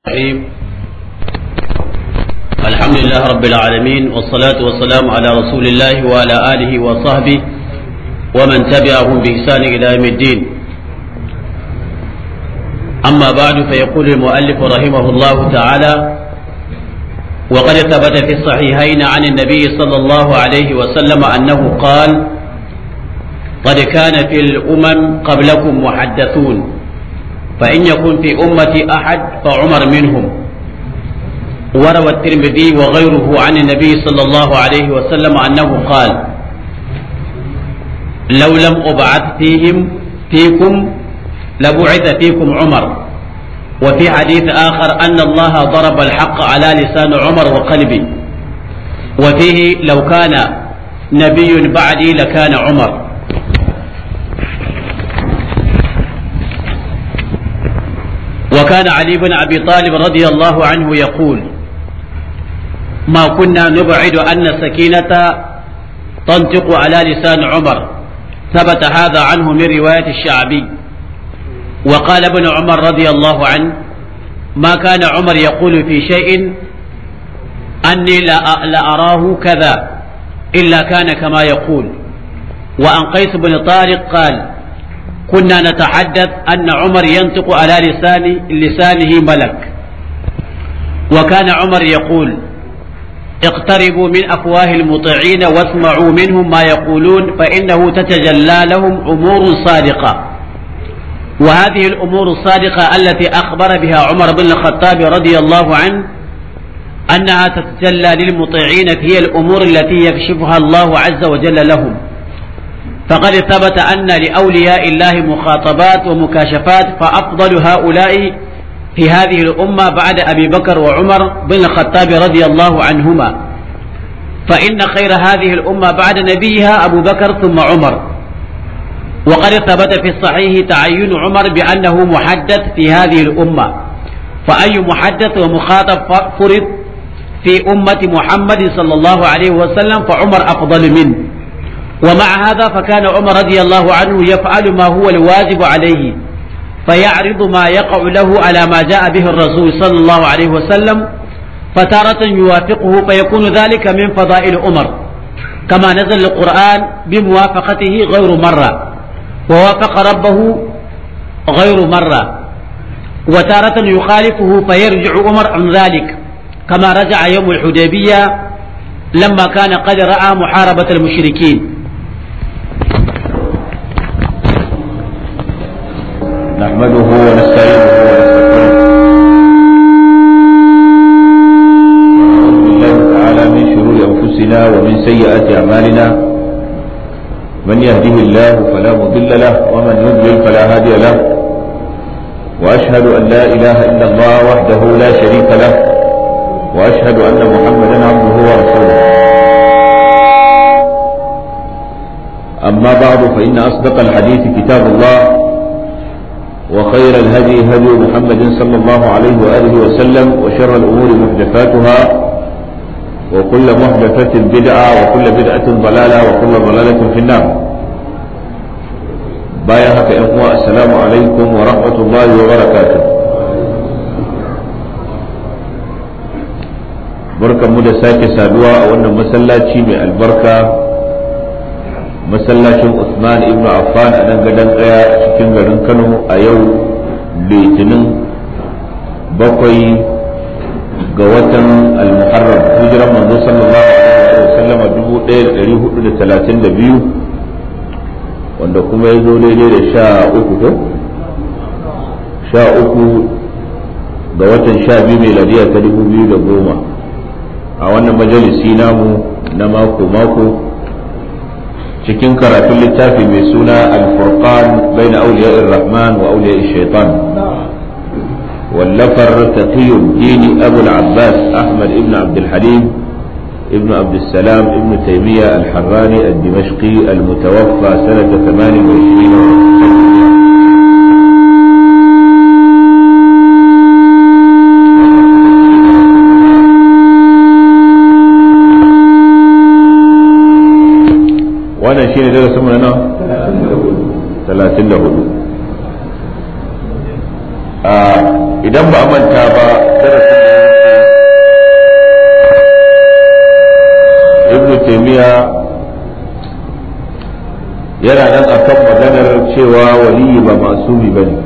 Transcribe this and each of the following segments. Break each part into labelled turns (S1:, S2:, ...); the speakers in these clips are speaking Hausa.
S1: الرحيم
S2: الحمد لله رب العالمين والصلاة والسلام على رسول الله وعلى آله وصحبه
S1: ومن تبعهم بإحسان إلى يوم الدين أما بعد فيقول المؤلف رحمه الله تعالى وقد ثبت في الصحيحين عن النبي صلى الله عليه وسلم أنه قال قد كان في الأمم قبلكم محدثون فإن يكون في أمتي أحد فعمر منهم وروى الترمذي وغيره عن النبي صلى الله عليه وسلم أنه قال لو لم أبعث فيهم فيكم لبعث فيكم عمر وفي حديث آخر أن الله ضرب الحق على لسان عمر وقلبي وفيه لو كان نبي بعدي لكان عمر وكان علي بن أبي طالب رضي الله عنه يقول ما كنا نبعد أن السكينة تنطق على لسان عمر ثبت هذا عنه من رواية الشعبي وقال ابن عمر رضي الله عنه ما كان عمر يقول في شيء أني لا أراه كذا إلا كان كما يقول وعن قيس بن طارق قال كنا نتحدث أن عمر ينطق على لسان لسانه ملك وكان عمر يقول اقتربوا من أفواه المطيعين واسمعوا منهم ما يقولون فإنه تتجلى لهم أمور صادقة وهذه الأمور الصادقة التي أخبر بها عمر بن الخطاب رضي الله عنه أنها تتجلى للمطيعين هي الأمور التي يكشفها الله عز وجل لهم فقد ثبت أن لأولياء الله مخاطبات ومكاشفات فأفضل هؤلاء في هذه الأمة بعد أبي بكر وعمر بن الخطاب رضي الله عنهما فإن خير هذه الأمة بعد نبيها أبو بكر ثم عمر وقد ثبت في الصحيح تعين عمر بأنه محدث في هذه الأمة فأي محدث ومخاطب فرض في أمة محمد صلى الله عليه وسلم فعمر أفضل منه ومع هذا فكان عمر رضي الله عنه يفعل ما هو الواجب عليه فيعرض ما يقع له على ما جاء به الرسول صلى الله عليه وسلم فتارة يوافقه فيكون ذلك من فضائل عمر كما نزل القرآن بموافقته غير مرة ووافق ربه غير مرة وتارة يخالفه فيرجع عمر عن ذلك كما رجع يوم الحديبية لما كان قد رأى محاربة المشركين
S3: نحمده ونستعينه ونستغفره ونعوذ بالله تعالى من شرور انفسنا ومن سيئات اعمالنا من يهده الله فلا مضل له ومن يضلل فلا هادي له واشهد ان لا اله الا الله وحده لا شريك له واشهد ان محمدا عبده ورسوله أما بعد فإن أصدق الحديث كتاب الله وخير الهدي هدي محمد صلى الله عليه وآله وسلم وشر الأمور محدثاتها وكل محدثة بدعة وكل بدعة ضلالة وكل ضلالة في النار بايعك إخوة السلام عليكم ورحمة الله وبركاته بركة مدى ساكي سادوا وأن مسلاتي من البركة masallacin Usman ibn Affan a nan gadon tsaya cikin garin Kano a yau litinin bakwai ga watan al-Muharram hijiran manzo sallallahu alaihi wa sallama 1432 wanda kuma ya zo daidai da sha uku ko sha uku ga watan sha biyu mai ladiya ta dubu biyu da goma a wannan majalisi namu na mako-mako cikin karatun littafi mai suna alfurqan bai na auliyar rahman wa auliyar shaitan wallafar taqiyul dini abul abbas ahmad ibn abdulhalim ibn abdulsalam ibn
S2: taymiya al-harrani al-dimashqi al-mutawaffa sanata 28 shi ne darasin mu na
S3: talatin da hudu idan ba a manta ba darasin ibnu taimiyya yana nan akan maganar cewa waliyi ba masu bi ba ne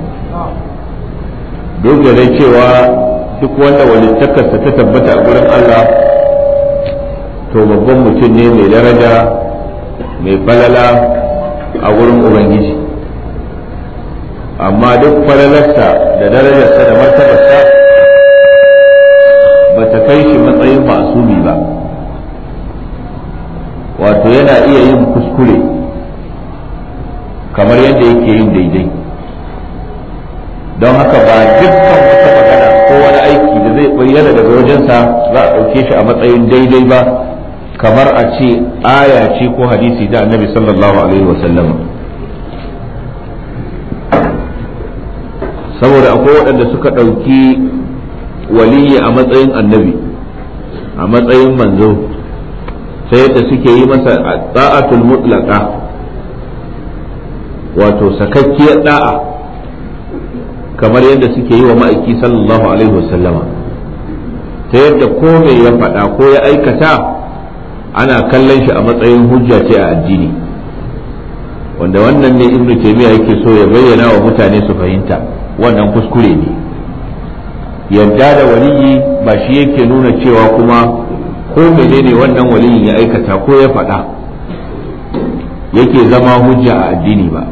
S3: duk da cewa duk wanda walittakarsa ta tabbata a gurin Allah to babban mutum ne mai daraja mai falala a wurin ubangiji amma duk falalarsa da darajarsa da martabarsa ba ta kai shi matsayin masumi ba wato yana iya yin kuskure kamar yadda yake yin daidai don haka ba dukkan wata magana ko wani aiki da zai bayyana daga wajensa za a ɗauke shi a matsayin daidai ba kamar a ce aya ce ko hadisi da annabi sallallahu alaihi wasallama saboda akwai waɗanda suka ɗauki waliyi a matsayin annabi a matsayin manzo ta yadda suke yi masa da'atul mutlaqa wato sakakkiyar da'a kamar yadda suke yi wa ma'aiki sallallahu alaihi wasallama ta yadda ko mai ya faɗa ko ya aikata ana kallon shi a matsayin hujja ce a addini wanda wannan ne ibnu taymiya yake so ya bayyana wa mutane su fahimta wannan kuskure ne yadda da waliyi ba shi yake nuna cewa kuma ko menene wannan waliyin ya aikata ko ya faɗa yake zama hujja a addini ba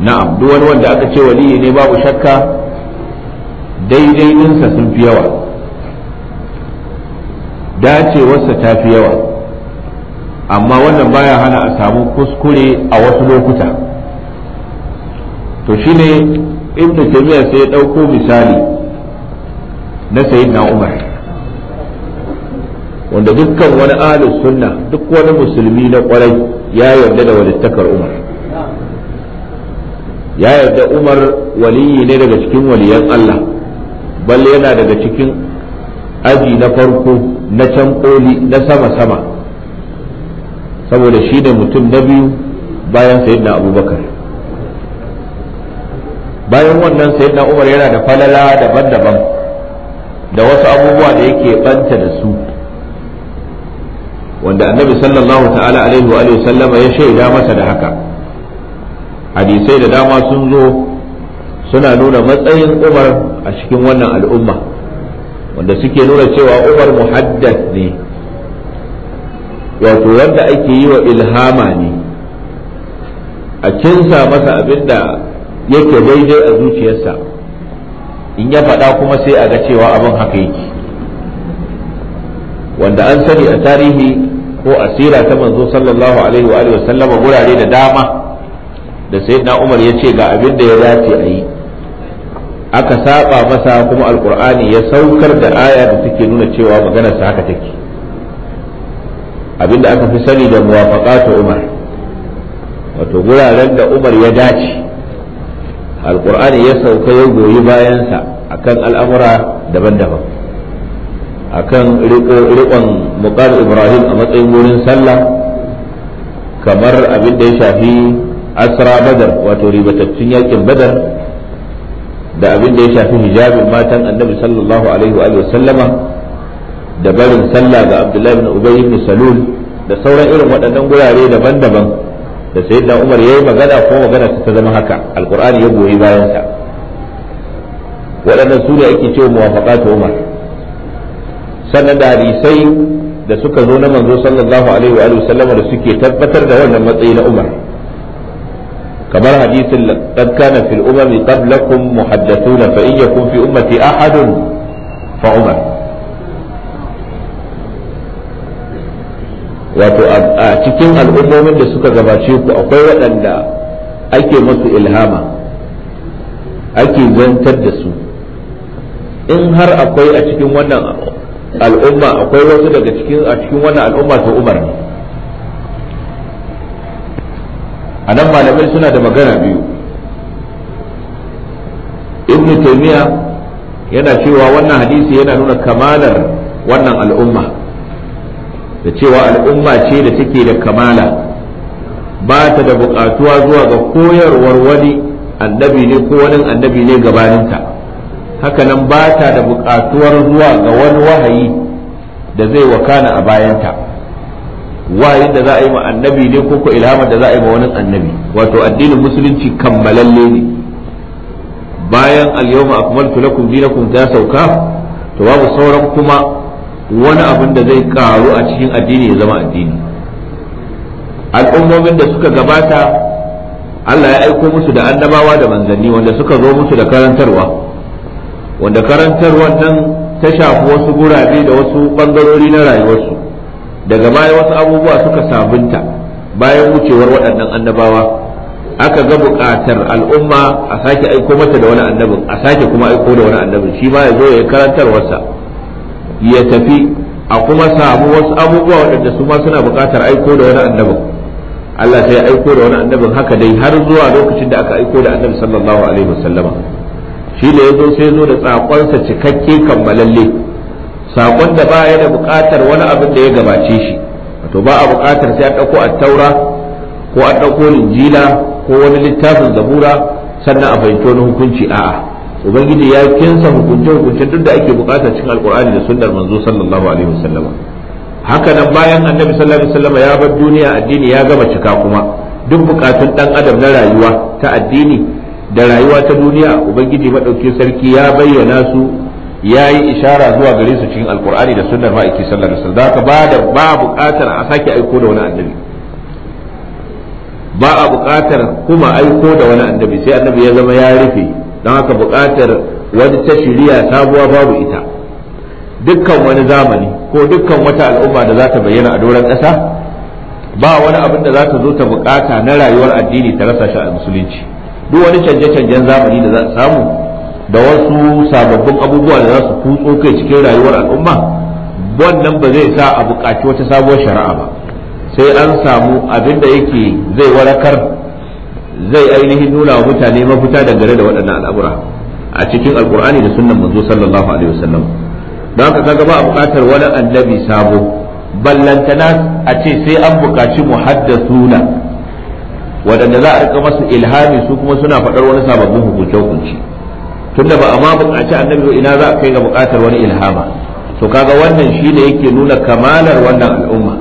S3: na'am duk wani wanda aka ce waliyi ne babu shakka ɗinsa sun fi yawa dacewarsa ta fi yawa amma wannan baya hana a samu kuskure a wasu lokuta to shine inda jami'a sai ya ɗauko misali
S2: na sayyidina umar
S3: wanda dukkan wani alu sunna duk wani musulmi na kwarai ya yarda da walittakar umar ya yarda umar waliyi ne daga cikin waliyan allah bal yana daga cikin aji na farko na can koli na sama-sama saboda shi ne mutum na biyu bayan sayyidina abubakar bayan wannan sayyidina umar yana da falala daban-daban da wasu abubuwa da yake banta da su wanda annabi sallallahu ta'ala alaihi wa alihi sallama ya shaida masa da haka hadisai da dama sun zo suna nuna matsayin umar a cikin wannan al'umma wanda suke nuna cewa umar muhaddas ne wato wanda ake yi wa ilhama ne a kinsa masa abinda yake daidai a zuciyarsa in ya faɗa kuma sai a ga cewa abin haka yake wanda an sani a tarihi ko asira ta manzo sallallahu alaihi wa alihi sallama gurare da dama da sayyidina Umar ya ce ga abin da ya dace a yi aka saba masa kuma alkur'ani ya saukar da aya da take nuna cewa maganarsa sa haka take abinda aka fi sani da ta umar wato guraren da umar ya dace alkur'ani ya sauka ya goyi bayansa akan al'amura daban-daban akan riƙon muqar ibrahim a matsayin wurin sallah kamar abin da ya shafi asra badar wato ribatattun yakin badar da abin da ya shafi hijabin matan annabi sallallahu alaihi wa sallama da barin sallah ga abdullahi ibn ubay ibn salul da sauran irin waɗannan gurare daban-daban da sayyidina umar yayi magana ko magana ta zama haka alqur'ani ya goyi bayan ta waɗannan su ne ake cewa muwafaqatu umar sannan da hadisai da suka zo na manzo sallallahu alaihi wa sallama da suke tabbatar da wannan matsayi na umar kamar hadisin qad kana fil umami qablakum muhaddathuna fa in yakun fi ummati ahadun fa umar wato a cikin al'ummomin da suka gabace ku akwai waɗanda ake masu ilhama ake zantar da su in har akwai a cikin wannan al'umma akwai wasu daga cikin a cikin wannan al'umma to umar ne a nan malamai suna da magana biyu ibn taymiya yana cewa wannan hadisi yana nuna kamalar wannan al'umma da cewa al'umma ce da take da kamala ba ta da buƙatuwa zuwa ga koyarwar wani annabi ne ko wani annabi ne gabaninta hakanan ba ta da bukatuwar zuwa ga wani wahayi da zai wakana a bayanta wahayin da za a yi ma annabi ne ko ko ilhamar da za a yi ma wani annabi wato addinin musulunci kammalalle ne bayan al-yawma akmaltu lakum dinakum ta sauka to babu sauran kuma wani abin da zai karu a cikin addini ya zama addini al'ummomin da suka gabata Allah ya aiko musu da annabawa da manzanni wanda suka zo musu da karantarwa wanda karantarwa nan ta shafi wasu gurabe da wasu bangarori na rayuwarsu daga baya wasu abubuwa suka sabunta bayan wucewar waɗannan annabawa aka ga buƙatar al'umma a sake aiko mata da wani annabin a sake kuma aiko da wani annabin shi ma ya zo ya karantarwarsa ya tafi a kuma samu wasu abubuwa waɗanda su ma suna buƙatar aiko da wani annabin Allah ta ya aiko da wani annabin haka dai har zuwa lokacin da aka aiko da annabi sallallahu alaihi wasallama shi da zo sai zo da tsakonsa cikakke kammalalle sakon da ba ya da buƙatar wani abin da ya gabace shi wato ba a buƙatar sai a ɗauko attaura ko an ɗauko injila ko wani littafin zabura sannan a fahimci wani hukunci a'a ubangiji ya kinsa hukunce hukunce duk da ake bukata cikin alkur'ani da sunnar manzo sallallahu alaihi wasallama haka nan bayan annabi sallallahu alaihi wasallama ya bar duniya addini ya gama cika kuma duk bukatun dan adam na rayuwa ta addini da rayuwa ta duniya ubangiji madauki sarki ya bayyana su ya yi ishara zuwa gare su cikin alkur'ani da sunnar ma'aiki sallallahu alaihi wasallam ba da ba bukatar a sake aiko da wani annabi ba a bukatar kuma aiko da wani annabi sai annabi ya zama ya rufe don haka buƙatar wani ta shirya sabuwa babu ita dukkan wani zamani ko dukkan wata al'umma da za ta bayyana a doron ƙasa ba wani abin da za ta zo ta buƙata na rayuwar addini ta rasa shi a musulunci duk wani canje-canjen zamani da za ta samu da wasu sababbin abubuwa da za su kutso kai cikin rayuwar al'umma wannan ba zai sa a buƙaci wata sabuwar shari'a ba sai an samu abin da yake zai warakar zai ainihin nuna wa mutane mafita dangane da waɗannan al'amura a cikin alkur'ani da sunnan manzo sallallahu alaihi wasallam don haka kaga ba a buƙatar wani annabi sabo ballantana a ce sai an buƙaci muhaddathuna waɗanda za a rika masu ilhami su kuma suna faɗar wani sababbin hukunce hukunci tunda ba a ma buƙaci annabi ina za a kai ga buƙatar wani ilhama to kaga wannan shine yake nuna kamalar wannan al'umma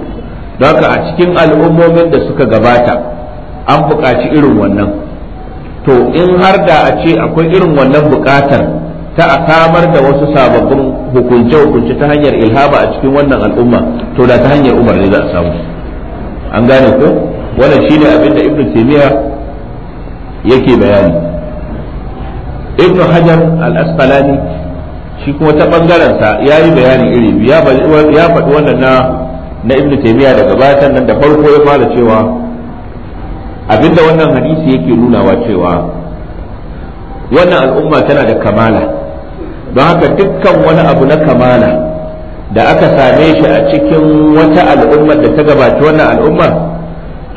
S3: don haka a cikin al'ummomin da suka gabata an buƙaci irin wannan to in har da a ce akwai irin wannan buƙatar ta a samar da wasu sababbin hukunce-hukunce ta hanyar ilhaba a cikin wannan al'umma to da ta hanyar umar ne za a samu an gane ko wannan shine abin da ibn taymiya yake bayani ibn hajar al-asqalani shi kuma ta bangaren sa yayi bayani iri ya faɗi wannan na ibn taymiya daga batan nan da farko ya fara cewa abinda wannan hadisi yake nunawa cewa wannan al'umma tana da kamala don haka dukkan wani abu na kamala da aka same shi a cikin wata al'ummar da ta gabata wannan al'ummar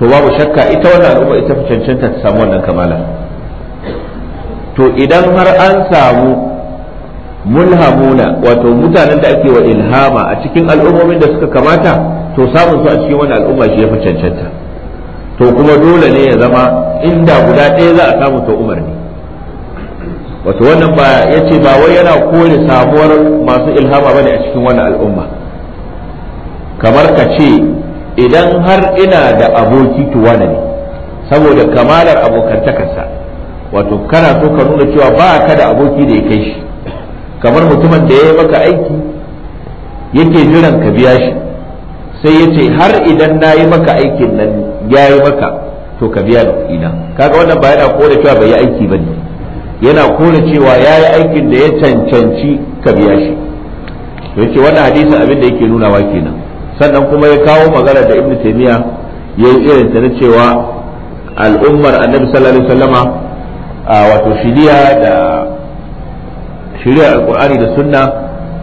S3: to babu shakka ita wannan al'umma ita fi cancanta ta samu wannan kamala to idan har an samu mulhamuna wato mutanen da ake wa ilhama a cikin al'ummomin da suka kamata to samun su a cikin wannan al'umma shi ya fi cancanta to kuma dole ne ya zama inda guda ɗaya za a samu ta umarni? wato wannan ba ya ce ba wai yana kone samuwar masu ilhama ba ne a cikin wannan al'umma kamar ka ce idan har ina da aboki to ne saboda kamalar abokantakarsa wato kana so ka nuna cewa ba ka da aboki da ya kai shi kamar mutumin da ya yi maka aiki yake jiran ka biya shi sai ya ce har idan na yi maka aikin nan ya yi maka to ka biya da kuɗi na kaga wannan ba yana kona cewa bai yi aiki ba ne yana kona cewa ya yi aikin da ya cancanci ka biya shi to yace wannan hadisin abin da yake nunawa kenan sannan kuma ya kawo magana da ibnu taymiya ya yi irin ta na cewa al'ummar annabi sallallahu alaihi wasallama wato shiriya da shiriyar alqur'ani da sunna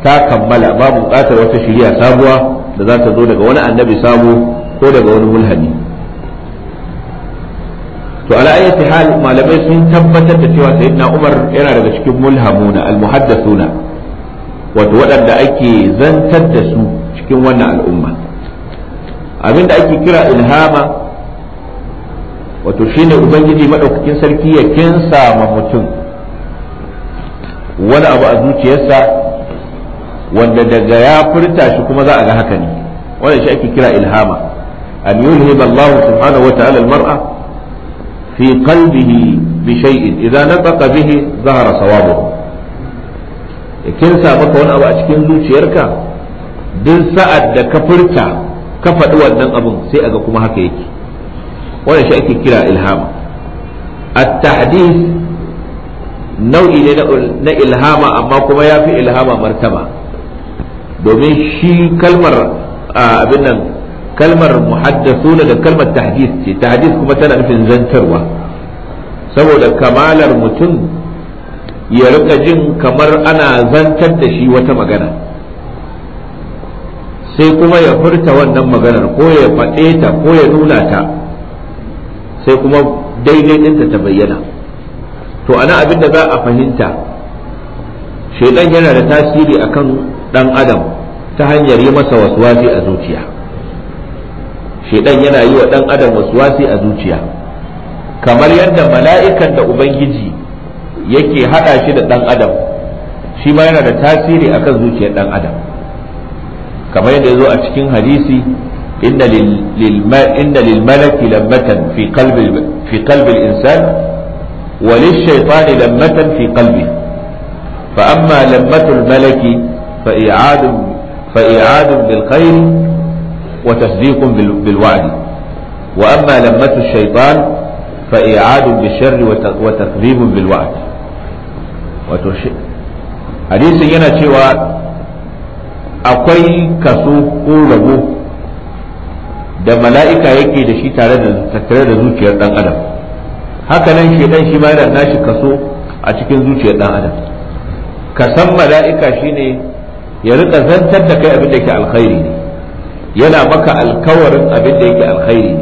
S3: ta kammala babu bukatar wata shiriya sabuwa da za ta zo daga wani annabi sabo ko daga wani mulhani to ala ayyati hal malamai sun tabbatar da cewa sayyidina Umar yana daga cikin mulhamuna almuhaddathuna wato waɗanda ake zantar da su cikin wannan al'umma abinda ake kira ilhama wato shine ubangiji madaukakin sarki ya kinsa ma mutum wani abu a zuciyarsa wanda daga ya furta shi kuma za a ga haka ne wannan shi ake kira ilhama an yulhima Allah subhanahu wa ta'ala al-mar'a fi qalbihi bi shay'in idza nataqa bihi zahara sawabuhu kin sa maka wani abu a cikin zuciyarka duk sa'ad da ka firka ka faɗi wannan abun sai aga kuma haka yake wannan shi ake kira ilhama at nau'i ne na ilhama amma kuma ya fi ilhama martaba domin shi kalmar abin nan kalmar muhaddathuna da kalmar tahdith ce tahdith kuma tana nufin zantarwa saboda kamalar mutum ya rika jin kamar ana zantar da shi wata magana sai kuma ya furta wannan maganar ko ya faɗe ta ko ya nuna ta sai kuma daidai ɗinta ta bayyana to ana abin da za a fahimta shaidan yana da tasiri akan ɗan adam ta hanyar yi masa waswasi a zuciya shedan yana yi wa dan adam waswasi a zuciya kamar yadda mala'ikan da ubangiji yake hada shi da dan adam shi ma yana da tasiri akan zuciyar dan adam kamar yadda yazo a cikin hadisi inna lil malaki lammatan fi qalbi fi qalbi al insan wa lil shaytani lammatan fi qalbi fa amma lammatu malaki fa i'adu fa i'adu bil khair وتصديق بالوعد وأما لمة الشيطان فإعاد بالشر وتكذيب بالوعد hadisin yana cewa akwai kaso ko rabo da mala'ika yake da shi tare da tattare da zuciyar dan adam hakanan nan shi ma yana nashi kaso a cikin zuciyar dan adam kasan mala'ika shine ya riƙa zantar da kai abin da ke alkhairi ne yana maka alkawarin abin da yake alkhairi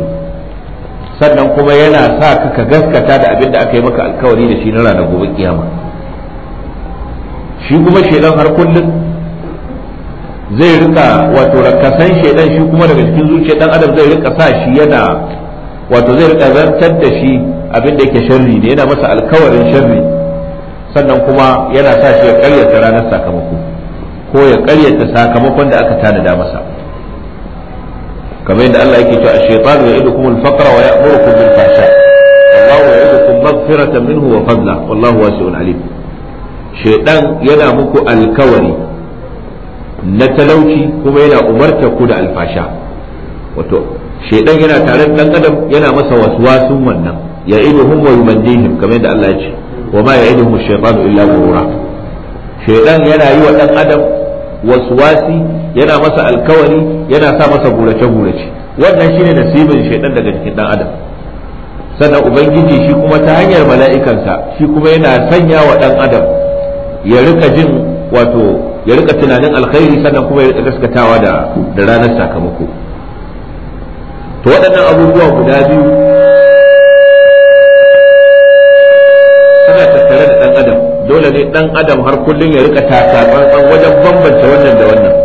S3: sannan kuma yana sa ka ka gaskata da abin da aka yi maka alkawari da shi na ranar gobe kiyama shi kuma shaidan har kullum zai rika wato rakasan shaidan shi kuma daga cikin zuciya dan adam zai rika sa shi yana wato zai rika zartar da shi abin da yake sharri ne yana masa alkawarin sharri sannan kuma yana sa shi ya karyata ranar sakamako ko ya karyata sakamakon da aka tanada masa kamar yadda Allah yake cewa ash-shaytanu ya'idukum kuma faqra wa ya'murukum bil fahsha wallahu ya'idukum maghfiratan minhu wa fadla wallahu wasi'un alim shaytan yana muku alkawari na talauci kuma yana umarta ku da alfasha wato shaytan yana tare da dan adam yana masa waswasun wannan ya'iduhum wa yumannihim kamar yadda Allah ya ce wa ma ya'iduhum ash-shaytanu illa ghurura shaytan yana yi wa dan adam waswasi yana masa alkawari yana sa masa gurace gurace wannan shine nasibin shaidan daga cikin dan adam sannan ubangiji shi kuma ta hanyar mala'ikansa shi kuma yana sanya wa dan adam ya rika jin wato ya rika tunanin alkhairi sannan kuma ya rika gaskatawa da da ranar sakamako to waɗannan abubuwa guda biyu suna tattare da dan adam dole ne dan adam har kullum ya rika takatsantsan wajen bambance wannan da wannan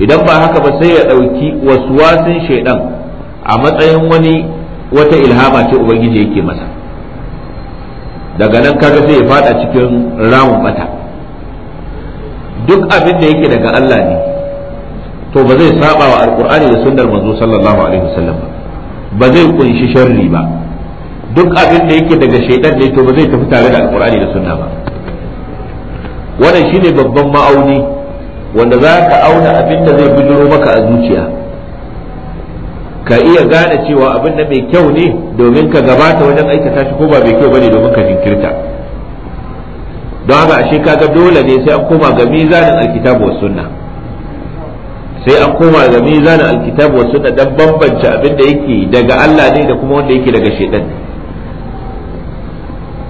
S3: idan ba haka ba sai ya ɗauki wasu wasan shaidan a matsayin wani wata ilhama ce ubangiji yake masa daga nan kaga sai ya fada cikin ramin bata duk abin da yake daga Allah ne to ba zai saba wa alkur'ani da sunnar manzo sallallahu alaihi wasallam ba ba zai kunshi sharri ba duk abin da yake daga shaidan ne to ba zai tafi tare da alkur'ani da sunna ba wannan shine babban ma'auni wanda za ka auna abin da zai bujiro maka a zuciya ka iya gane cewa abin da mai kyau ne domin ka gabata wajen aikata shi ko ba mai kyau bane domin ka jinkirta don haka ashe kaga dole ne sai an koma ga mizanin alkitabu was sunna sai an koma ga mizanin alkitabu was sunna dan bambance abin da yake daga Allah ne da kuma wanda yake daga shedan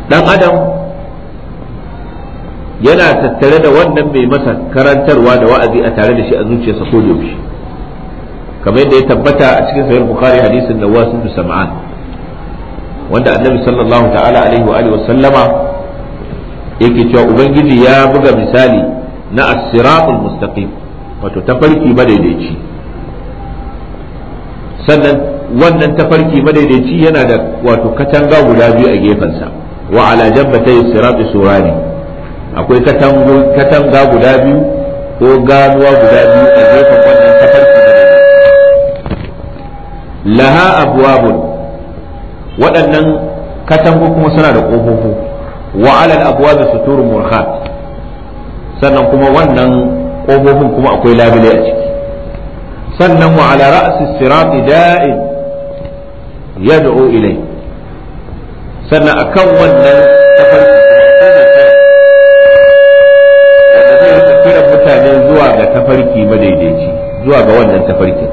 S3: dan adam yana tattare da wannan mai masa karantarwa da wa'azi a tare da shi a zuciyarsa ko yaushe kamar yadda ya tabbata a cikin sahih bukhari hadisin da wasu da sam'an wanda annabi sallallahu ta'ala alaihi wa alihi wa sallama yake cewa ubangiji ya buga misali na as-siratul mustaqim wato tafarki madaidaici sannan wannan tafarki madaidaici yana da wato katanga guda biyu a gefensa wa ala jambatay sirati surani akwai katanga guda biyu ko ganuwa guda biyu a gefen wannan tafarki da dare laha abwabun waɗannan katangu kuma suna da ƙofofi wa alal abwabi suturun murkhat sannan kuma wannan ƙofofin kuma akwai labule a ciki sannan wa ala ra'si sirati da'in yad'u ilai sannan akan wannan tafarki tafarki madaidaici zuwa ga wannan tafarkin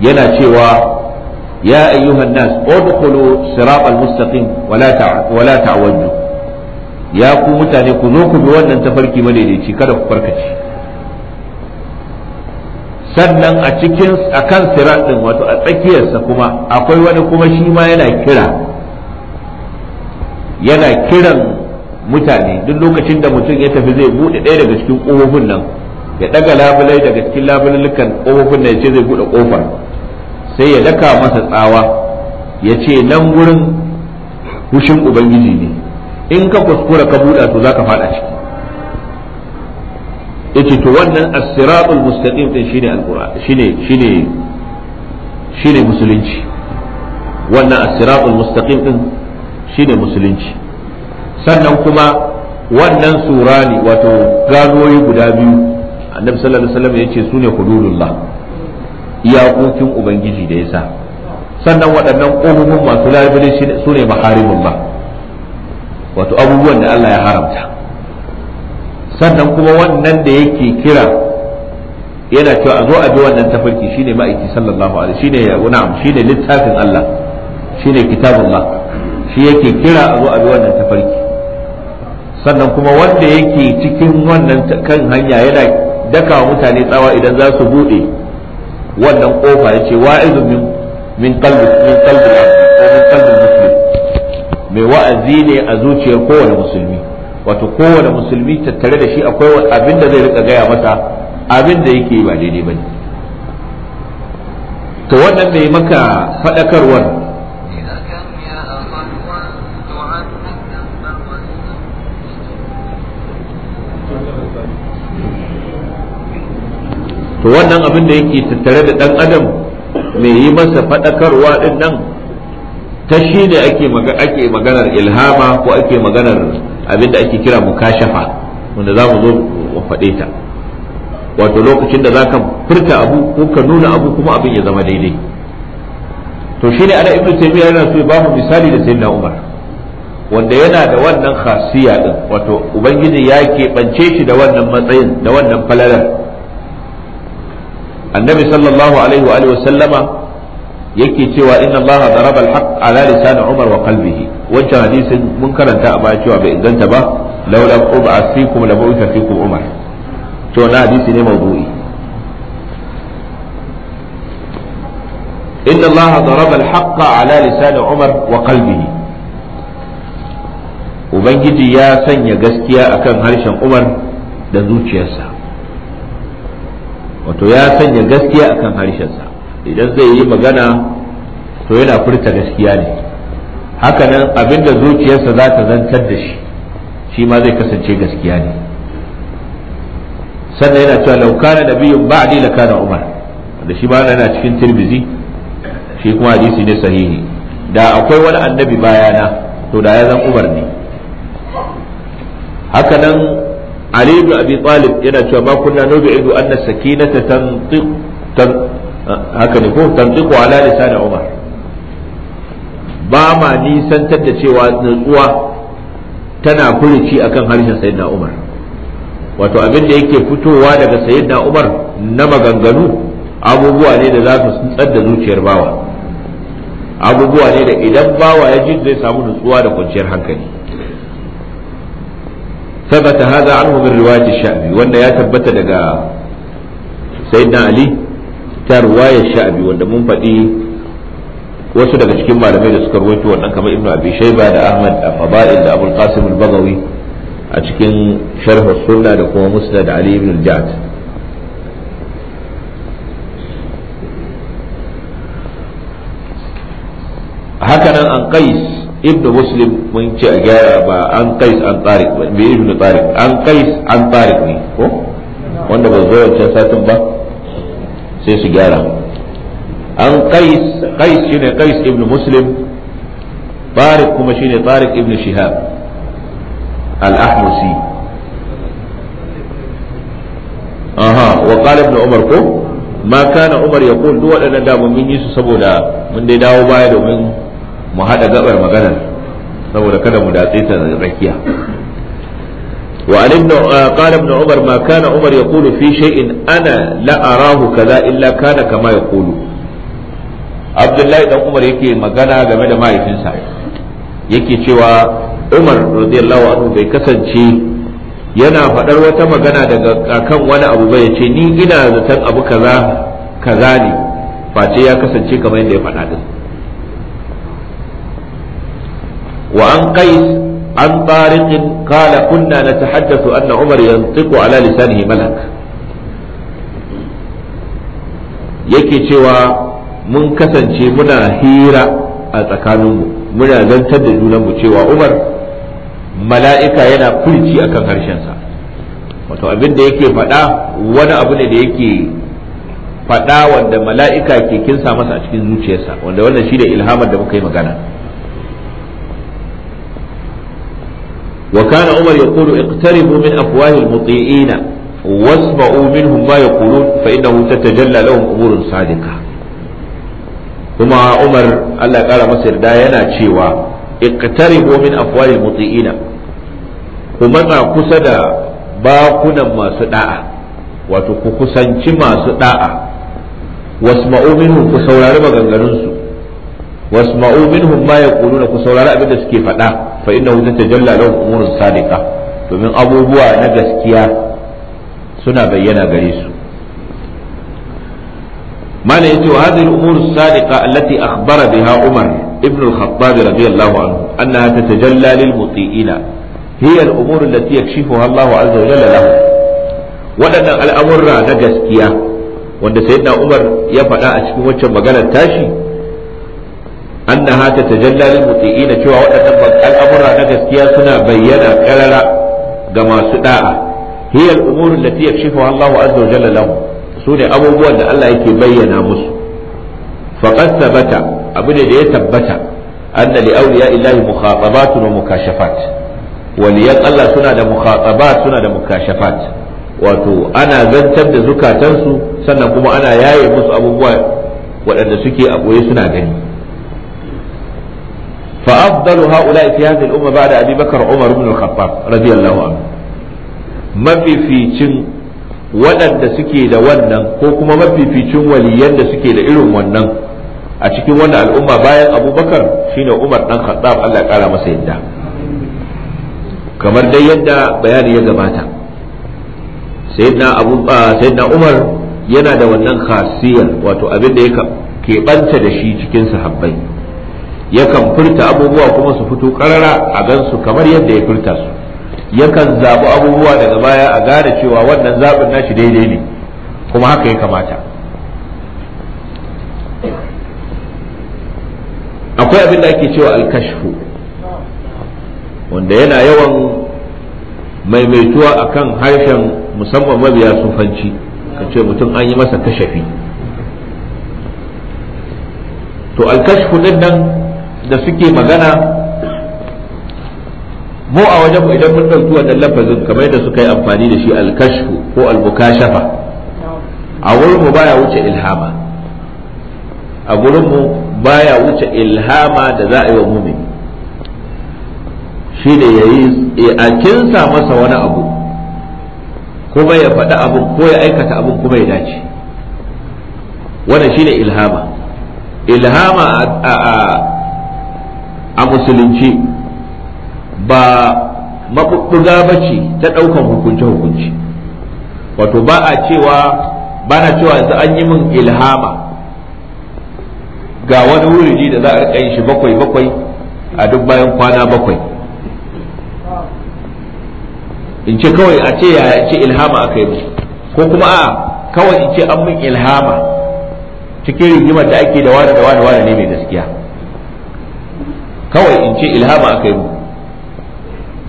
S3: yana cewa ya ayyuhan nas udkhulu siratal mustaqim wala wala ta'wajju ya ku mutane ku zo ku bi wannan tafarki madaidaici kada ku farkace sannan a cikin akan sirat din wato a tsakiyarsa kuma akwai wani kuma shi ma yana kira yana kiran mutane duk lokacin da mutum ya tafi zai buɗe ɗaya daga cikin ƙofofin nan ya daga labulai daga cikin labulukan kofofin da ya ce zai bude kofar sai ya daka masa tsawa ya ce nan wurin hushin ubangiji ne in ka kuskura ka buɗa to za ka faɗa ciki ce to wannan asiratul mustaqim din shine alqur'an shine shine shine musulunci wannan asiratul mustaqim din shine musulunci sannan kuma wannan surani wato gadoyi guda biyu annabi sallallahu alaihi wasallam yace sune hududullah iyakokin ubangiji da yasa sannan waɗannan ƙofofin masu labule su ne maharimullah wato abubuwan da Allah ya haramta sannan kuma wannan da yake kira yana cewa a zo a bi wannan tafarki shine ma'aiki sallallahu alaihi shine na'am shine littafin Allah shine kitabullah shi yake kira a zo a bi wannan tafarki sannan kuma wanda yake cikin wannan kan hanya yana daka mutane tsawa idan za su bude wannan kofa ce wa'izu min min qalbi min qalbi min qalbi muslim mai wa'azi ne a zuciyar kowane musulmi wato kowane musulmi tattare da shi akwai abin da zai rika gaya masa abin da yake ba daidai bane to wannan mai maka fadakarwar wannan abin da yake tattare da dan adam mai yi masa fadakarwa din nan ta shi ne ake maganar ilhama ko ake maganar abin da ake kira mukashafa wanda za mu zo mu faɗe ta wato lokacin da za ka furta abu ko ka nuna abu kuma abin ya zama daidai to shi ne ana ibnu taimiyya yana so ba mu misali da sayyidina umar wanda yana da wannan khasiyya din wato ubangiji ya keɓance shi da wannan matsayin da wannan falalar annabi sallallahu alaihi wa alihi wasallama yake cewa inna allaha daraba alhaq ala lisan umar wa qalbihi wancan hadisin mun karanta a baya cewa bai inganta ba laula umar to na hadisi ne mawdu'i inna allaha daraba alhaq ala lisan umar wa qalbihi ubangiji ya sanya gaskiya kan harshen umar da zuciyarsa wato ya sanya gaskiya akan harshensa idan zai yi magana to yana furta gaskiya ne hakanan abinda zuciyarsa za ta zantar da shi shi ma zai kasance gaskiya ne sannan yana cewa laukana nabiyyun da lakana umar da shi ma yana cikin tirbizi shi kuma hadisi ne sahihi da akwai wani annabi bayana to da ya zan umar ne hakanan ali ibn abi talib yana cewa ma kunna nubidu anna sakinata tantiq ah, haka ne ko tantiqu ala umar ba ma nisantar da cewa nutsuwa tana furici akan harshen sayyidina umar wato abin da yake fitowa daga sayyidina umar na maganganu abubuwa ne da za su tsantsar zuciyar bawa abubuwa ne da idan bawa ya ji zai samu nutsuwa da kwanciyar hankali ثبت هذا عنه من رواية الشعبي وأن يا ثبت لك سيدنا علي رواية الشعبي وأن من wasu daga cikin malamai da suka rawaito wannan kama ibnu abi shayba da ahmad a fada'il da abul qasim al a cikin sharh sunna da kuma musnad ali ibn al-ja'd hakanan an ibn muslim mun ce a gyara ba an qais an tariq ba me ibn tariq an qais an tariq ko wanda ba zo wancan satin ba sai su gyara an qais qais shine qais ibn muslim tariq kuma shine tariq ibn shihab al-ahmusi wa qala umar ko ma kana umar yaqul duk waɗannan da mun yi su saboda mun dai dawo baya domin mu hada gabar maganar saboda kada mu datse ta da tsakiya وعن ابن قال ابن عمر ما كان عمر يقول في شيء انا لا اراه كذا الا كان كما يقول عبد الله yake magana game da mahaifinsa yake cewa Umar radiyallahu anhu bai kasance yana faɗar wata magana daga kakan wani abu bai ce ni ina zaton abu kaza kaza ne face ya kasance kamar yadda ya faɗa din وعن قيس عن طارق قال كنا نتحدث أن عمر ينطق على لسانه ملك yake cewa mun kasance muna hira a tsakaninmu muna zantar da junanmu cewa umar mala'ika yana furci akan harshensa wato abin da yake faɗa wani abu ne da yake faɗa wanda mala'ika ke kinsa masa a cikin zuciyarsa wanda wannan shi da ilhamar da muka yi magana wa kana umar yaqulu iqtaribu min afwahil muti'ina wasma'u minhum ma yaqulun fa innahu tatajalla lahum umurun sadika kuma umar Allah kara masa yarda yana cewa iqtaribu min afwahil muti'ina ku matsa kusa da bakunan masu da'a wato ku kusanci masu da'a wasma'u minhum ku saurari maganganunsu wasma'u ku saurari abin da suke faɗa fa innahu tatajalla lahu umurus sadiqa domin abubuwa na gaskiya suna bayyana gare su mana yace wa hadhihi al-umur as-sadiqa allati akhbara biha Umar ibn al-Khattab radiyallahu anhu annaha tatajalla lil muti'ina hiya al-umur allati yakshifuha Allah azza wa al'amurra na gaskiya wanda sayyidina Umar ya faɗa a cikin waccan maganar tashi annaha tatajalla lil muti'ina cewa waɗannan al'amura na gaskiya suna bayyana karara ga masu da'a hiya al-umur allati yakshifuha Allahu azza wa jalla lahum sune abubuwan da Allah yake bayyana musu faqad thabata abu ne da ya tabbata anna li awliya illahi mukhatabatun wa mukashafat
S1: waliyan Allah suna da mukhatabat suna da mukashafat wato ana zantar da zukatansu sannan kuma
S3: ana yaye musu abubuwa waɗanda suke a suna gani فأفضل هؤلاء في هذه الأمة بعد أبي بكر عمر بن الخطاب رضي الله عنه mafi waɗanda suke da wannan ko kuma mafi ficin da suke da irin wannan a cikin wannan al'umma bayan abubakar shine umar dan khattab Allah ƙara masa yadda kamar dai yadda bayani ya gabata sayyidina ah, umar yana da wannan khasiyar wato abin da ya keɓanta da shi cikin sahabbai yakan furta abubuwa kuma su fito karara a gansu kamar yadda ya furta su yakan zaɓi abubuwa daga baya a gane cewa wannan zaɓin nashi daidai ne kuma haka ya kamata akwai abin da ake cewa alkashfu wanda yana yawan maimaituwa akan harshen musamman mabiya sufanci ka ce mutum an yi masa kashafi to alkashfu din nan da suke magana mu a wajen idan mun ɗauki wannan lafazin kamar yadda suka yi amfani da shi alkashfu ko almukashafa a wurin mu baya wuce ilhama a gurin mu baya wuce ilhama da za a yi wa mumini shi da yayi a kinsa masa wani abu kuma ya faɗi abu ko ya aikata abu kuma ya dace wannan ne ilhama ilhama a a musulunci ba maɓuɓɓuga ba ce ta ɗaukan hukunce-hukunce wato ba a cewa ba na cewa yanzu an yi min ilhama ga wani wuri da za a riƙa yin shi bakwai bakwai a duk bayan kwana bakwai in ce kawai a ce yaya ce ilhama aka yi ko kuma a kawai in ce an min ilhama cikin rigimar da ake da wani da wani ne mai gaskiya kawai in ce ilhama aka yi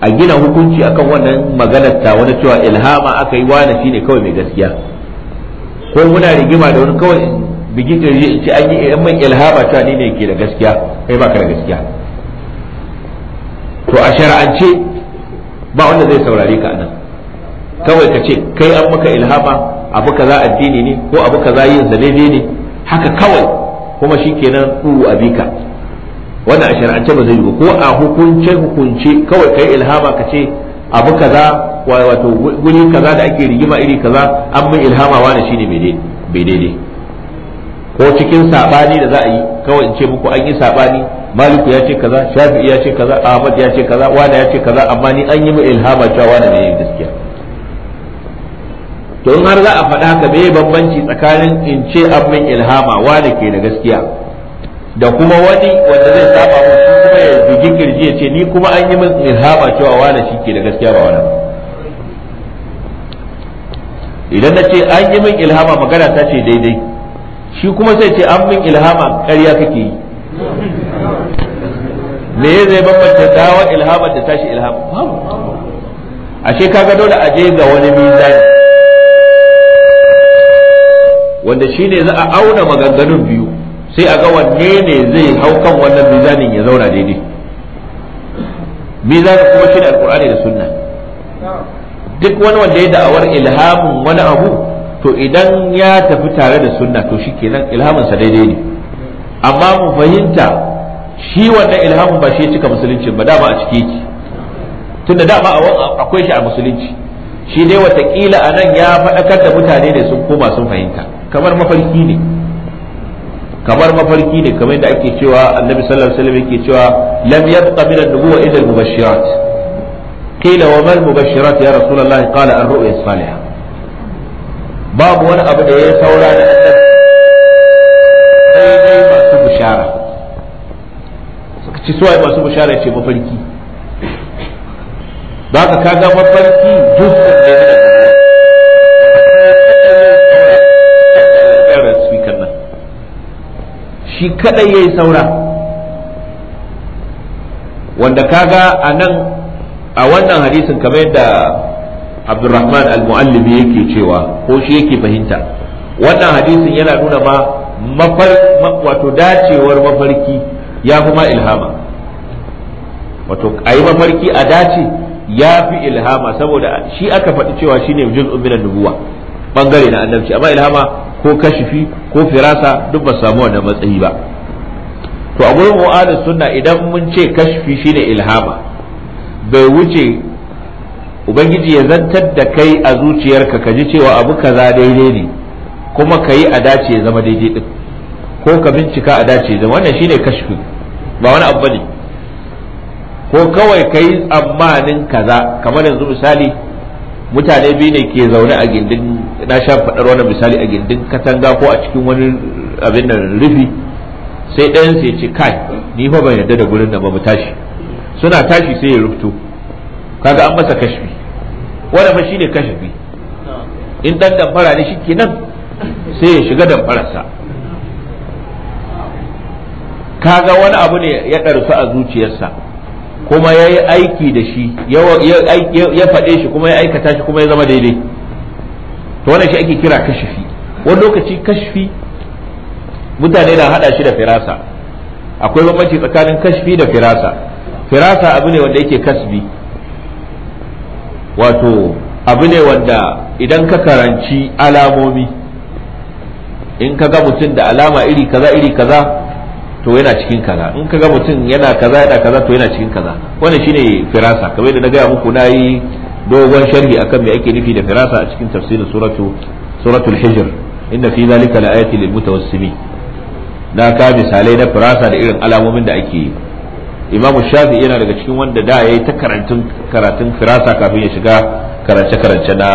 S3: a gina hukunci akan wannan maganar ta wani cewa ilhama aka yi wani shine kawai mai gaskiya ko muna rigima da wani kawai bigi kirji in ce an yi mai ilhama ta ni ne ke da gaskiya kai baka da gaskiya to a shara'ance ba wanda zai saurare ka anan kawai ka ce kai an maka ilhama abu kaza addini ne ko abu kaza yin sa ne haka kawai kuma shikenan tsuru abika wanda a shari'ance ba zai yi ko a hukunce hukunce kawai kai ilhama ka ce abu kaza wato guri kaza da ake rigima iri kaza an min ilhama shi ne bai daidai ko cikin sabani da za a yi kawai in ce muku an yi sabani maliku ya ce kaza shafi'i ya ce kaza ahmad ya ce kaza wani ya ce kaza amma ni an yi min ilhama cewa wani ne yin gaskiya to in har za a faɗa haka me bambanci tsakanin in ce an min ilhama wani ke da gaskiya da kuma wani wanda zai saba mu shi kuma ya bugi kirji ya ce ni kuma an yi min ilhama cewa wani shi ke da gaskiya ba wani idan na ce an yi min ilhama magana ta ce daidai shi kuma sai ce an min ilhama ƙarya kake yi
S2: me zai bambanta
S3: dawa ilhama da tashi ilhama ashe kaga dole a je ga wani mizani wanda shine za a auna maganganun biyu sai a ga wanne ne zai hau kan wannan mizanin ya zauna daidai mizanin kuma shi ne alkur'ani da sunna duk wani wanda ya da'awar ilhamin wani abu to idan ya tafi tare da sunna to shi kenan ilhaminsa daidai ne amma mu fahimta shi wannan ilhamin ba shi ya cika musulunci ba dama a ciki yake tunda dama akwai shi a musulunci shi dai watakila a nan ya faɗakar da mutane ne sun koma sun fahimta kamar mafarki ne kamar mafarki ne kamar yadda ake cewa annabi sallallahu alaihi wasallam yake cewa lam yabqa min an-nubuwa illa al-mubashirat qila wa mal mubashirat ya rasulullah qala ar-ru'ya as-salihah babu wani abu da ya saura da sai masu bushara suka ci suwaye masu bushara ce mafarki ba ka kaga mafarki duk da shi kadai yi saura wanda kaga a nan a wannan hadisin kamar yadda abdurrahman al-mu'allimi yake cewa ko shi yake fahimta wannan hadisin yana nuna ma wato dacewar mafarki ya kuma ilhama wato a yi mafarki a dace ya fi ilhama saboda shi aka faɗi cewa shine ne juz'un minan nubuwa bangare na annabci amma ilhama ko kashifi ko firasa duk ba samu wannan matsayi ba to a gurin mu'adin sunna idan mun ce kashifi shine ilhama bai wuce ubangiji ya zantar da kai a zuciyarka ka ji cewa abu kaza daidai ne kuma ka yi a dace ya zama daidai din ko ka bincika a dace zama wannan shine kashfi ba wani abu bane ko kawai ka yi tsammanin kaza kamar yanzu misali mutane biyu ne ke zaune a gindin na sha faɗar wannan misali a gindin katanga ko a cikin wani abin da rufi sai ɗayan sai ce kai ni fa ban yarda da gurin da ba mu tashi suna tashi sai ya rufto kaga an masa kashfi wanda fa shine kashfi in dan damfara ne shi nan, sai ya shiga damfararsa kaga wani abu ne ya ɗarsu a zuciyarsa kuma ya yi aiki da shi ya faɗe shi kuma ya aikata shi kuma ya zama daidai to wannan shi ake kira kashfi wani lokaci kashifi mutane na hada shi da firasa akwai bambanci tsakanin kashfi da firasa firasa abu ne wanda yake kasbi wato abu ne wanda idan ka karanci alamomi in ka ga mutum da alama iri kaza iri kaza to yana cikin kaza in ka ga mutum yana kaza yana kaza to yana cikin kaza wannan shine firasa kamar yadda na gaya muku na yi dogon sharhi akan me ake nufi da firasa a cikin tafsirin suratu suratul hijr inna fi zalika laayati lil mutawassimin na ka misalai na firasa da irin alamomin da ake yi imamu shafi yana daga cikin wanda da yayi ta karantun karatun firasa kafin ya shiga karance karance na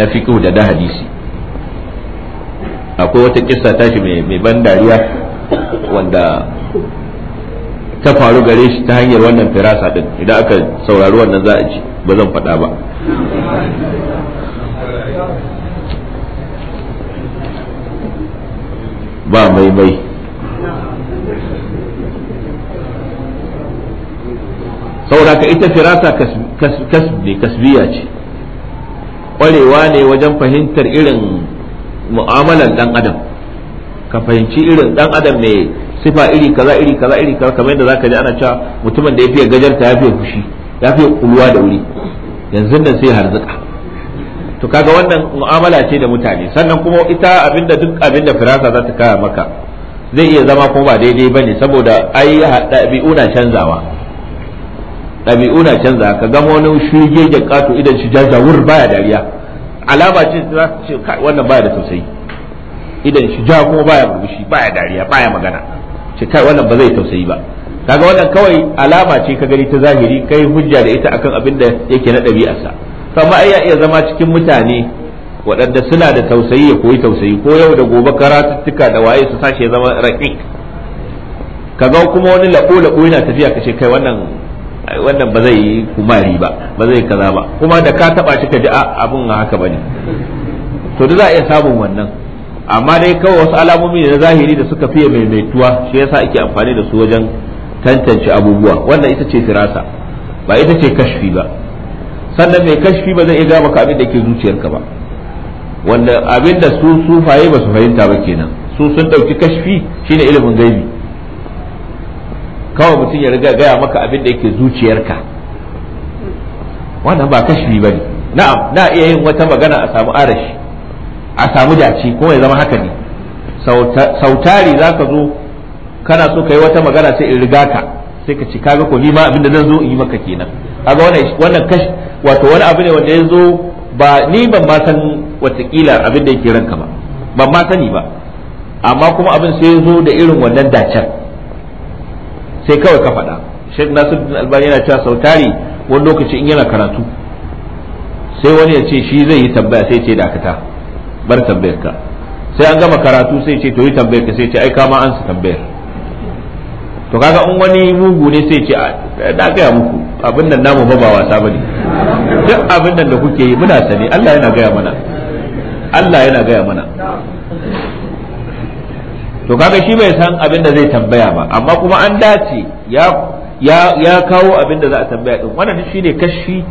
S3: na fiqh da da hadisi akwai wata kissa tashi mai ban dariya wanda ta faru gare shi ta hanyar wannan firasa din idan aka saurari wannan za a ji ba zan faɗa ba ba mai mai
S2: saboda ka ita firasa
S3: kasbi kasbiya ce ƙwarewa ne wajen fahimtar irin mu'amalar ɗan adam ka fahimci irin ɗan adam mai sifa iri kaza iri kaza iri kaza kamar yadda zaka ji ana cewa mutumin da ya fiye gajarta ya fiye fushi ya fiye kulwa da wuri yanzu nan sai harzuka to kaga wannan mu'amala ce da mutane sannan kuma ita abinda duk abinda firasa za ta kaya maka zai iya zama kuma ba daidai bane saboda ai ɗabi'u na canzawa ɗabi'u na canza ka gama wani shuge da kato idan shi jajawur baya dariya alama ce za ta ce wannan baya da tausayi idan shi ja kuma baya burbushi baya dariya baya magana ce kai wannan ba zai tausayi ba kaga wannan kawai alama ce ka gani ta zahiri kai hujja da ita akan abin da yake na sa amma ai ya iya zama cikin mutane waɗanda suna da tausayi ya koyi tausayi ko yau da gobe karatuttuka da waye su tashi ya zama raƙiƙ kaga kuma wani labo labo yana tafiya ka ce kai wannan wannan ba zai kumari ba ba zai kaza ba kuma da ka taba shi ka ji a abun haka bane to da za a iya samun wannan amma dai kawai wasu alamomi na zahiri da suka fiye maimaituwa shi yasa ake amfani da su wajen tantance abubuwa wannan ita ce firasa ba ita ce kashfi ba sannan mai kashfi ba zai iya gama ka abin da ke zuciyarka ba wanda abin da su sufaye ba su fahimta ba kenan su sun ɗauki kashfi shine ilimin gaibi kawai mutum ya riga gaya maka abin da yake zuciyarka wannan ba kashfi ba ne na'am na iya yin wata magana a samu arashi a samu dace ko ya zama haka ne sautari za ka zo kana so ka yi wata magana sai in riga ka sai ka ci kaga ko ni ma abinda zan zo in yi maka kenan kaga wannan wannan kash wato wani abu ne wanda ya zo ba ni ban ma san watakila abin da yake ranka ba ban ma sani ba amma kuma abin sai ya zo da irin wannan dacen sai kawai ka faɗa shek nasiruddin albani yana cewa sautari wani lokaci in yana karatu sai wani ya ce shi zai yi tambaya sai ce dakata bar tambayar ka sai an gama karatu sai ce to yi tambayar ka sai ce ai ma an su tambayar to kaga in wani mugu ne sai ce na gaya muku abin nan namu ba ba wasa bane duk abin nan da kuke yi muna sani Allah yana gaya mana Allah yana gaya mana to kaga shi bai san abin da zai tambaya ba amma kuma an dace ya ya ya kawo abin da za a tambaya din wannan shine kashi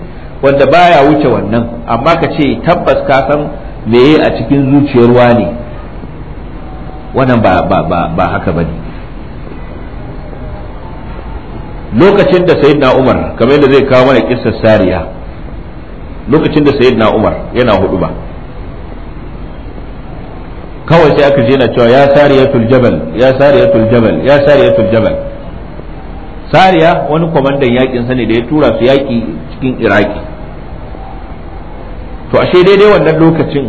S3: wanda baya wuce wannan amma ka ce tabbas ka san meye a cikin zuciyar wani wannan ba ba ba ba haka bane lokacin da sayyidina Umar kamar yadda zai kawo mana kissar Sariya lokacin da sayyidina Umar yana hudu ba kawai sai aka je na cewa ya sariyatul jabal ya sariyatul jabal ya sariyatul jabal sariya wani kwamandan yakin sa ne da ya tura su yaki cikin iraki to ashe daidai wannan lokacin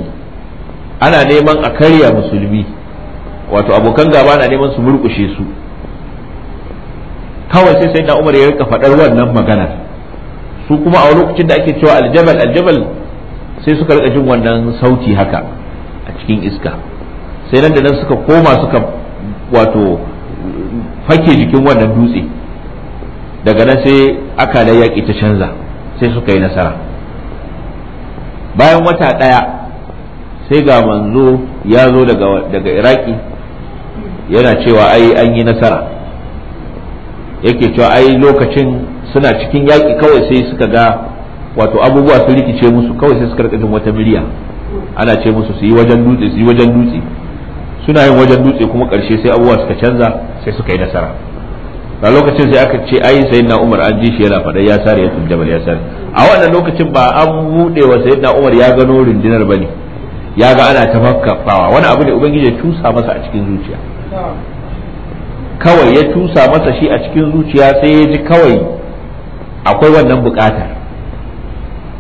S3: ana neman a karya musulmi wato abokan gaba na neman su murkushe su kawai sai sai na umar ya rika faɗar wannan maganar su kuma a lokacin da ake cewa aljabal aljabal sai suka rika jin wannan sauti haka a cikin iska sai nan da nan suka koma suka wato fake jikin wannan dutse daga nan sai akalai yaƙi ta canza sai suka yi nasara bayan wata ɗaya sai ga manzo ya zo daga iraki yana cewa ai an yi nasara yake cewa ai lokacin suna cikin yaƙi kawai sai suka ga wato abubuwa sun rikice musu kawai sai suka rikicin wata miliya ana ce musu su yi wajen dutse su yi wajen dutse suna yin wajen dutse kuma ƙarshe sai abubuwa suka canza sai suka yi nasara a lokacin sai aka ce ai na Umar an ji shi yana faɗa ya sare ya jabal ya sare a wannan lokacin ba an buɗe wa na Umar ya gano rundunar bane ya ga ana tafaffawa wani abu ne ubangiji ya cusa masa a cikin zuciya kawai ya tusa masa shi a cikin zuciya sai ya ji kawai akwai wannan bukatar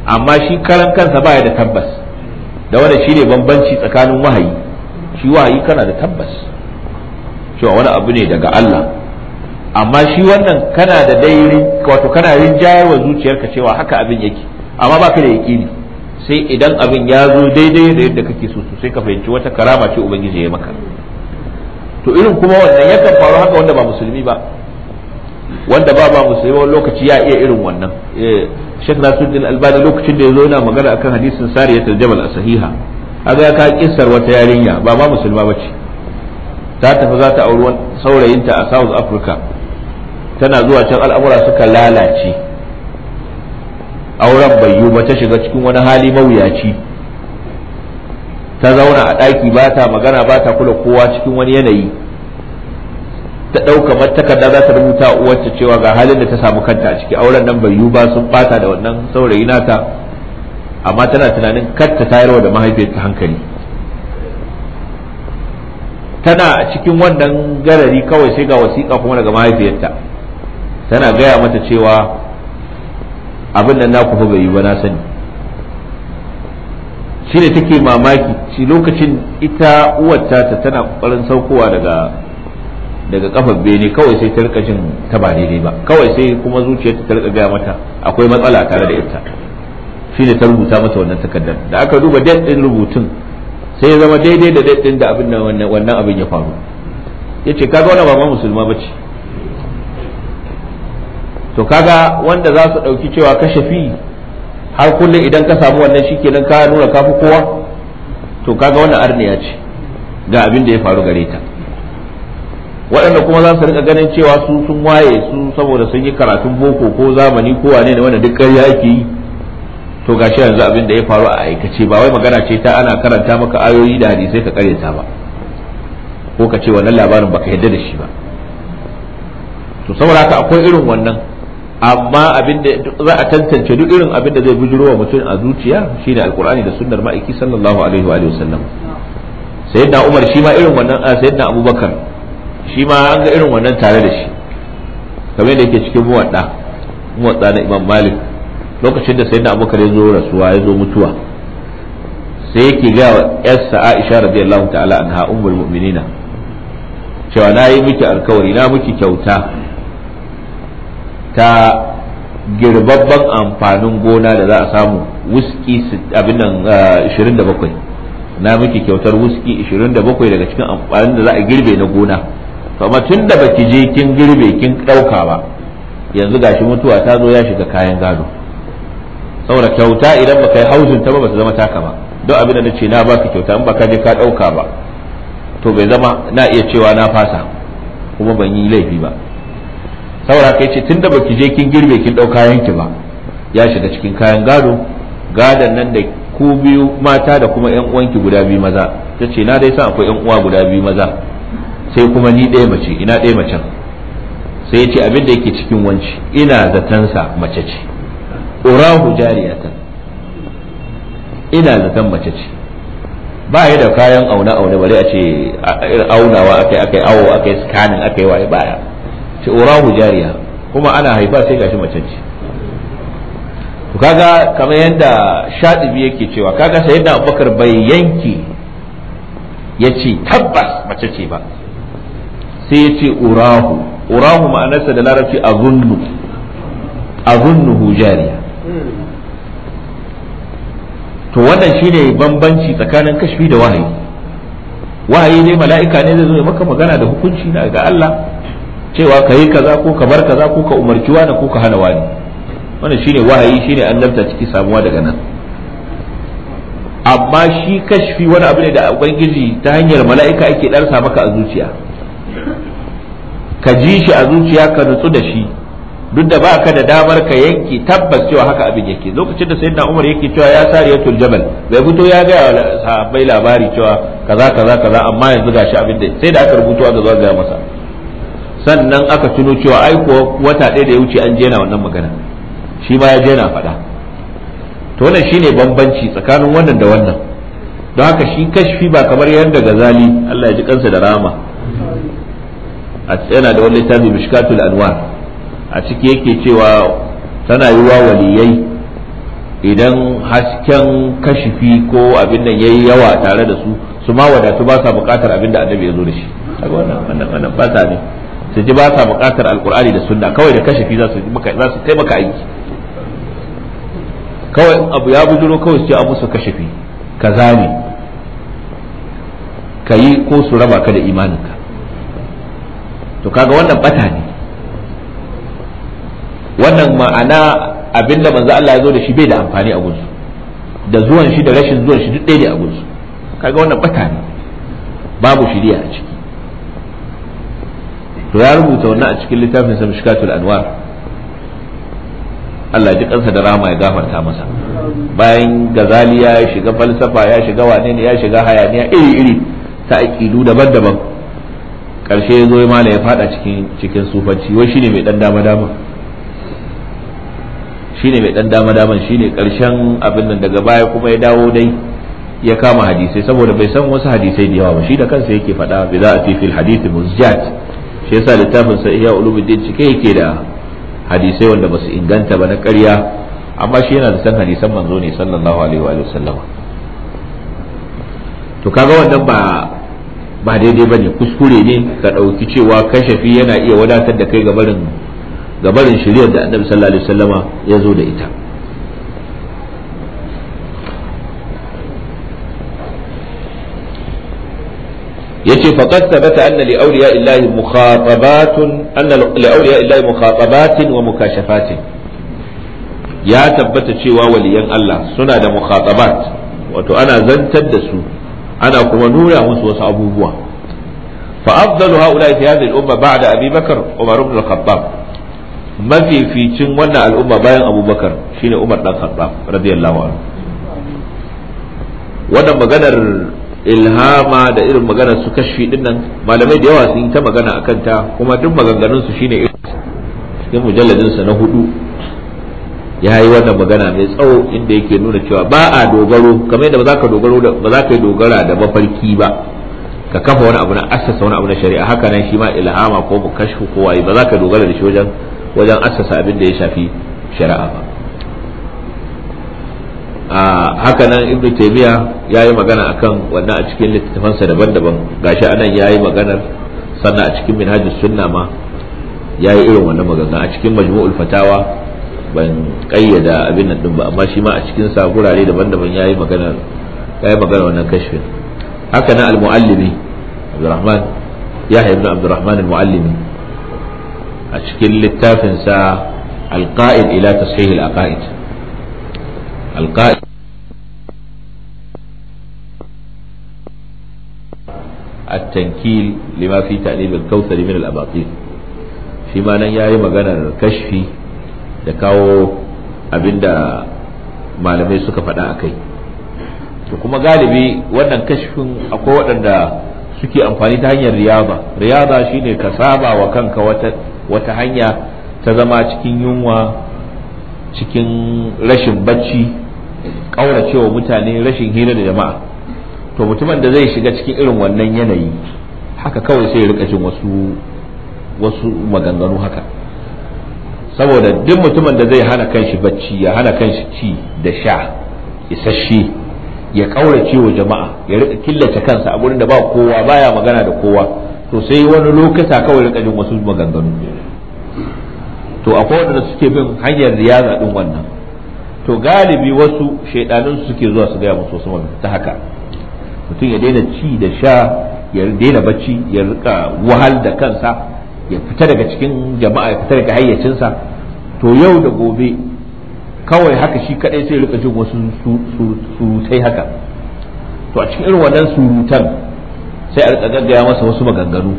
S3: amma shi karan kansa baya da tabbas da wanda shi ne bambanci tsakanin wahayi shi wahayi kana da tabbas cewa wani abu ne daga Allah amma shi wannan kana da dai wato kana rinjayar wa zuciyarka cewa haka abin yake amma baka da yaƙini sai idan abin ya zo daidai da yadda kake so sai ka fahimci wata karama ce ubangiji ya maka to irin kuma wannan kan faru haka wanda ba musulmi ba wanda ba ba musulmi wani lokaci ya iya irin wannan eh, Sheikh Nasruddin Albani lokacin da ya zo yana magana akan hadisin ta Jabal a sahiha kaga ya ka kissar wata yarinya ba ma musulma bace ta tafi za ta auri saurayinta a South Africa tana zuwa can al'amura suka lalace auren bai yiwu ba ta shiga cikin wani hali mawuyaci ta zauna a ɗaki ba ta magana ba ta kula kowa cikin wani yanayi ta ɗauka matakarda za ta rubuta uwarta cewa ga halin da ta samu kanta a ciki auren nan bai yiwu ba sun bata da wannan saurayi nata amma tana tunanin karta ta tayarwa da mahaifiyarta hankali tana cikin wannan garari kawai sai ga wasiƙa kuma daga mahaifiyarta tana gaya mata cewa abin nan naku fa bai yi ba na sani shi ne take mamaki shi lokacin ita uwarta ta tana kokarin saukowa daga daga kafar bene kawai sai ta rika jin ta ba daidai ba kawai sai kuma zuciyarta ta rika gaya mata akwai matsala tare da ita shi ne ta rubuta mata wannan takardar da aka duba date din rubutun sai ya zama daidai da date da abin wannan abin ya faru yace kaga wannan ba ma musulma bace to kaga wanda za su ɗauki cewa kashe fi har kullum idan ka samu wannan shi kenan ka nuna kafi kowa to kaga wannan arniya ce ga abin da ya faru gare ta waɗanda kuma za su rika ganin cewa su sun waye su saboda sun yi karatun boko ko zamani ko wane ne wanda duk ƙarya yake yi to gashi yanzu abin da ya faru a aikace ba wai magana ce ta ana karanta maka ayoyi da hadisai ka ta ba ko ka ce wannan labarin baka yadda da shi ba to saboda haka akwai irin wannan amma abin da za a tantance duk irin abin da zai bujuro wa mutum a zuciya shine alqur'ani da sunnar ma'aiki sallallahu alaihi wa sallam. wasallam
S2: sayyidina umar shi ma irin wannan
S3: sayyidina abubakar shi ma an ga irin wannan tare da shi kamar da yake cikin muwadda muwadda na imam malik lokacin da sayyidina abubakar ya zo rasuwa ya zo mutuwa sai yake ga yarsa aisha radiyallahu ta'ala anha ummul mu'minina cewa na yi miki alkawari na miki kyauta ta girbabban amfanin gona da za a samu wuski abin nan 27 uh, na miki kyautar wuski 27 daga cikin amfanin da za a girbe na gona amma tun da baki je kin girbe kin ɗauka ba yanzu gashi mutuwa ta zo ya shiga kayan gado saboda kyauta idan baka yi hausin ta ba ba su zama taka ba don abin da ce na baka kyauta in baka je ka ɗauka ba to bai zama na iya cewa na fasa kuma ban yi laifi ba saboda kai ce tunda baki je kin girbe kin dauka yanki ba ya shiga cikin kayan gado gadan nan da ku biyu mata da kuma yan uwanki guda biyu maza ta ce na dai sa akwai yan uwa guda biyu maza sai kuma ni ɗaya mace ina ɗaya macen sai ya ce abin da yake cikin wanci ina sa mace ce urahu jariyatan ina zaton mace ce ba ya da kayan aune aune bare a ce aunawa akai akai awo akai scanning akai waye baya ce urahu jariya kuma ana haifa sai gashi macen ce to kaga kamar yadda shadibi yake cewa kaga sai yadda abubakar bai yanki ya ce tabbas mace ce ba sai ya ce urahu urahu ma'anarsa da larabci azunnu azunnuhu jariya to wannan shine bambanci tsakanin kashfi da wahayi wahayi ne mala'ika ne zai zo maka magana da hukunci na ga Allah cewa ka yi kaza ko ka bar kaza ko ka umarci wani ko ka hana wani wannan shine wahayi shine annabta ciki samuwa daga nan amma shi kashfi wani abu ne da ubangiji ta hanyar mala'ika ake darsa maka a zuciya ka ji shi a zuciya ka nutsu da shi duk da baka da damar ka yanke tabbas cewa haka abin yake lokacin da sayyidina Umar yake cewa ya sariyatul jabal bai fito ya ga sahabbai labari cewa kaza kaza kaza amma yanzu gashi abin da sai da aka rubuto aka zo ga masa sannan aka tuno cewa ai kuwa wata ɗaya da ya wuce an jena wannan magana shi ma ya jena faɗa to wannan shine bambanci tsakanin wannan da wannan don haka shi kashfi ba kamar yadda gazali Allah ya ji kansa da rama a yana da wani littafi mishkatul anwar a ciki yake cewa tana yiwa waliyai idan hasken kashifi ko abin nan yayi yawa tare da su su ma wadatu ba sa bukatar abin da annabi ya zo da shi wannan wannan wannan ba ne su ji ba sa buƙatar alkur'ani da sunna kawai da kashafi za su taimaka aiki kawai abu ya bujuro kawai su ce abu su kashafi ka zame ka yi ko su raba ka da imaninka to kaga wannan bata ne wannan ma'ana abinda manzo Allah ya zo da shi bai da amfani a gunsu da zuwan shi da rashin zuwan shi duk ɗaya ne a gunsu kaga wannan bata ne babu shiriya a ciki to ya rubuta wannan a cikin littafin sa mishkatul anwar Allah ji kansa da rama ya gafarta masa bayan gazali ya shiga falsafa ya shiga wane ne ya shiga hayaniya iri iri ta aƙidu daban-daban karshe ya zo mala ya fada cikin cikin sufanci wai shine mai dan dama dama shine mai dan dama dama shine karshen abin nan daga baya kuma ya dawo dai ya kama hadisai saboda bai san wasu hadisai da yawa ba shi da kansa yake faɗa bi za a fi fil hadith muzjat shi yasa littafin sa ihya ulumuddin cike yake da hadisai wanda ba su inganta ba na ƙarya amma shi yana da san hadisan manzo ne sallallahu alaihi wa sallama to kaga wannan ba ba daidai bane kuskure ne ka ɗauki cewa kashafi yana iya wadatar da kai gabarin barin da annabi sallallahu alaihi wa ya zo da ita yace faqad thabata anna li awliya illahi mukhatabatun anna li awliya illahi mukhatabatin wa mukashafatin ya tabbata cewa waliyan Allah suna da mukhatabat wato ana zantar da su ana kuma nuna musu wasu abubuwa fa afdalu haula'i fi hadhihi al-umma ba'da Abi Bakar Umar ibn al-Khattab mafificin wannan al'umma bayan abubakar shine umar dan khattab radiyallahu maganar ilhama da irin magana su kashi din nan malamai da yawa sun yi ta magana a ta kuma duk maganganun su shine cikin mujalladin sa na hudu ya yi wannan magana mai tsawo inda yake nuna cewa ba a dogaro kamar yadda ba za ka dogaro ba za ka yi dogara da mafarki ba ka kafa wani abu na assasa wani abu na shari'a haka nan shi ma ilhama ko mu kashfu ko wai ba za ka dogara da shi wajen wajen assasa abin da ya shafi shari'a ba hakanan nan ibnu taymiya yayi magana akan wannan a cikin littafansa daban-daban gashi anan yayi maganar sannan a cikin minhajus sunna ma yayi irin wannan magana a cikin majmu'ul fatawa ban kayyada abin nan din ba amma shi ma a cikin sa gurare daban-daban yayi magana yayi magana wannan kashfin haka nan al-muallimi Abdurrahman Yahya ibn Abdurrahman al-muallimi a cikin littafinsa al-qa'id ila tashih al-aqaid alƙa'id التنكيل لما في تعليل الكوثر من shi ma nan ya yi maganar kashfi da kawo abinda malamai suka faɗa a kai to kuma galibi wannan kashfin akwai waɗanda suke amfani ta hanyar riyaba riyaba shine ka saba wa kanka wata, wata hanya ta zama cikin yunwa cikin rashin bacci ƙauracewa mutane rashin hira da jama'a to mutumin da zai shiga cikin irin wannan yanayi haka kawai sai rika jin wasu wasu maganganu haka saboda duk mutumin da zai hana kanshi bacci ya hana kanshi ci da sha isasshe ya ƙauracewa jama'a ya rika killace kansa a gurin da ba kowa baya magana da kowa to sai wani lokuta kawai rika jin wasu maganganu to akwai wanda suke bin hanyar riyaza din wannan to galibi wasu shaidanun suke zuwa su gaya musu wasu ta haka mutum ya daina ci da sha ya daina bacci ya rika wahal da kansa ya fita daga cikin jama'a ya fita daga hayyacinsa to yau da gobe kawai haka shi kadai sai rika jin wasu surutai haka to a cikin irin wannan surutan sai a rika gaggaya masa wasu maganganu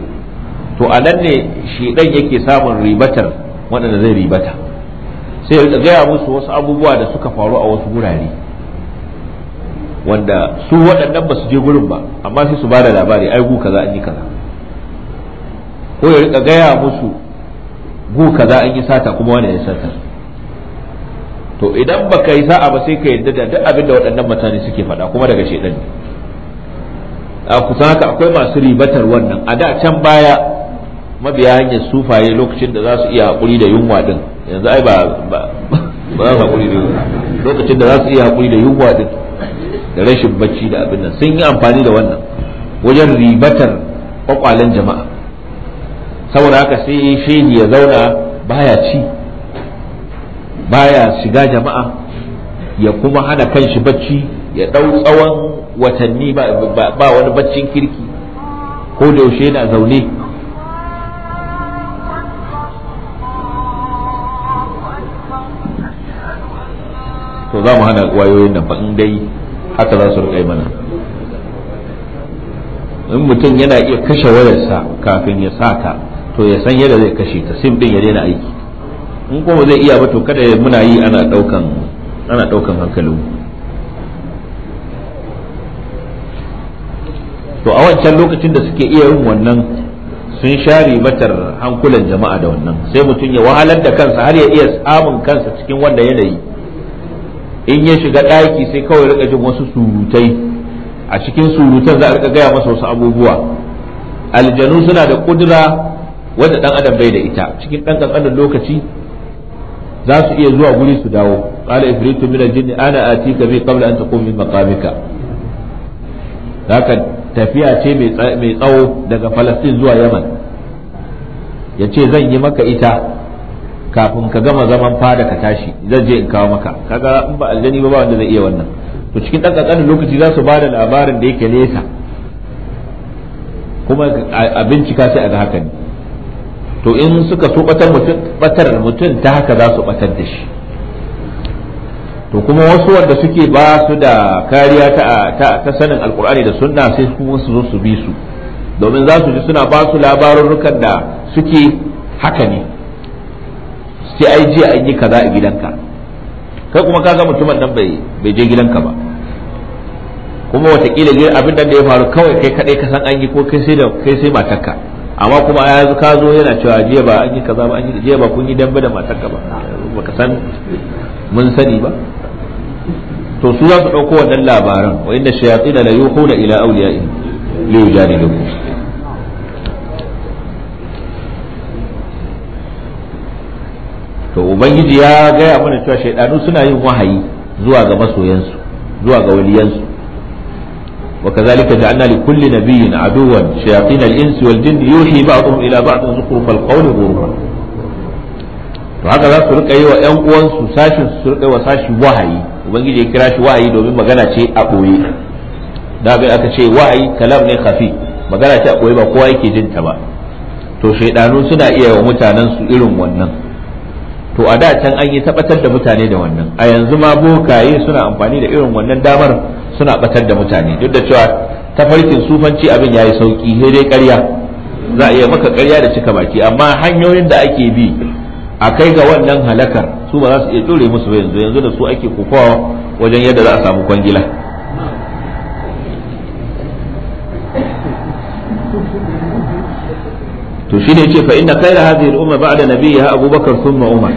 S3: to a nan ne shi yake samun ribatar waɗanda zai ribata sai ya gaya musu wasu abubuwa da suka faru a wasu gurare wanda su waɗannan ba su je gurin ba amma sai su ba labari ai gu kaza an yi kaza ko ya rika gaya musu gu kaza an yi sata kuma wani ya sata to idan ba ka yi sa'a ba sai ka yadda da duk abin da waɗannan mutane suke faɗa kuma daga shaidan ne a kusa haka akwai masu ribatar wannan a da can baya mabiya hanyar sufaye lokacin da za su iya haƙuri da yunwa din yanzu ai ba ba za su haƙuri da yunwa lokacin da za su iya haƙuri da yunwa din da rashin bacci da abin nan sun yi amfani da wannan wajen ribatar kwakwalen jama'a saboda haka sai shaidi ya zauna baya ci baya shiga jama'a ya kuma hana kanshi bacci ya ɗau tsawon watanni ba wani baccin kirki ko da yaushe yana zaune to za mu hana wayoyin nan fa in dai haka za su rika mana in mutum yana iya kashe wayarsa kafin ya saka to ya san yadda zai kashe ta sim din ya daina aiki in kuma zai iya ba to kada muna yi ana daukan ana daukan hankalin to a wancan lokacin da suke iya yin wannan sun share matar hankulan jama'a da wannan sai mutum ya wahalar da kansa har ya iya samun kansa cikin wanda yanayi in ya shiga ɗaki sai kawai rika jin wasu surutai a cikin surutan za a rika gaya masa wasu abubuwa aljanu suna da kudura wanda dan adam bai da ita cikin dan kankanin lokaci za su iya zuwa guri su dawo qala ifritu min aljin ana atika bi qabla an taqum min maqamika haka tafiya ce mai tsawo daga Falastin zuwa Yaman yace zan yi maka ita kafin ka gama zaman fada ka tashi zan je in kawo maka kaga in ba aljani ba ba wanda zai iya wannan to cikin dan kankanin lokaci za su ba da labarin da yake nesa kuma a bincika sai a ga haka ne to in suka so batar mutum batar mutum ta haka za su batar da shi to kuma wasu wanda suke ba su da kariya ta ta sanin alkur'ani da sunna sai kuma su zo su bi su domin za su ji suna ba su labarurrukan da suke haka ne sai ai jiya an yi kaza a gidanka kai kuma ga mutumin nan bai bai je gidanka ba kuma watakila abin da ya faru kawai kai kadai ka san an yi ko kai sai da kai sai matarka amma kuma ya ka zo yana cewa jiya ba an yi kaza ba an yi jiya ba kun yi dambe da matarka ba baka san mun sani ba to su za su dauko wannan labaran wa inna shayatin la yuhuna ila awliya'i li yujadilukum to ubangiji ya gaya mana cewa shaidanu suna yin wahayi zuwa ga masoyansu zuwa ga waliyansu وكذلك جعلنا لكل نبي عدوا شياطين الانس والجن يوحي بعضهم الى بعض زخرف القول غرورا to haka za su rika yi wa ‘yan uwansu sashin su rika wa sashi wahayi ubangiji ya kira shi wahayi domin magana ce a ɓoye da bai aka ce wahayi kalam ne kafi magana ce a ɓoye ba kowa yake ta ba to shaidanu suna iya wa mutanen su irin wannan to a da can an yi tabbatar da mutane da wannan a yanzu ma bokaye suna amfani da irin wannan damar suna batar da mutane duk da cewa farkin sufanci abin ya yi sauki sai dai ƙarya za a iya maka ƙarya da cika baki amma hanyoyin da ake bi a kai ga wannan halakar su ba za su iya ɗore musu ba yanzu yanzu da su ake kokowa wajen yadda za a samu kwangila
S2: to shi ne ce fa inna khayra
S3: hadhihi al-umma ba'da nabiyha abubakar thumma umar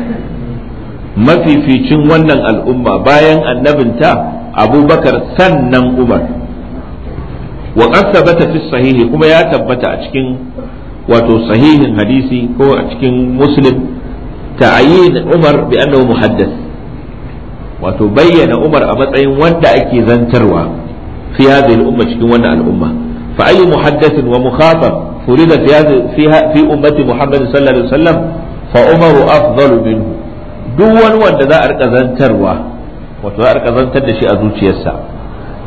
S3: mafificin wannan al'umma bayan annabinta abubakar sannan umar wa qad thabata fi sahihi kuma ya tabbata a cikin wato sahihin hadisi ko a cikin muslim ta'ayyin umar bi annahu muhaddath wato bayyana umar a matsayin wanda ake zantarwa fi hadhihi al-umma cikin wannan al'umma fa ayyu muhaddathin wa mukhatab فرض فيها في أمة محمد صلى الله عليه وسلم فعمر أفضل منه دون وأن ذا أركزان تروى وتذا أركزان تدشي أزوجي السا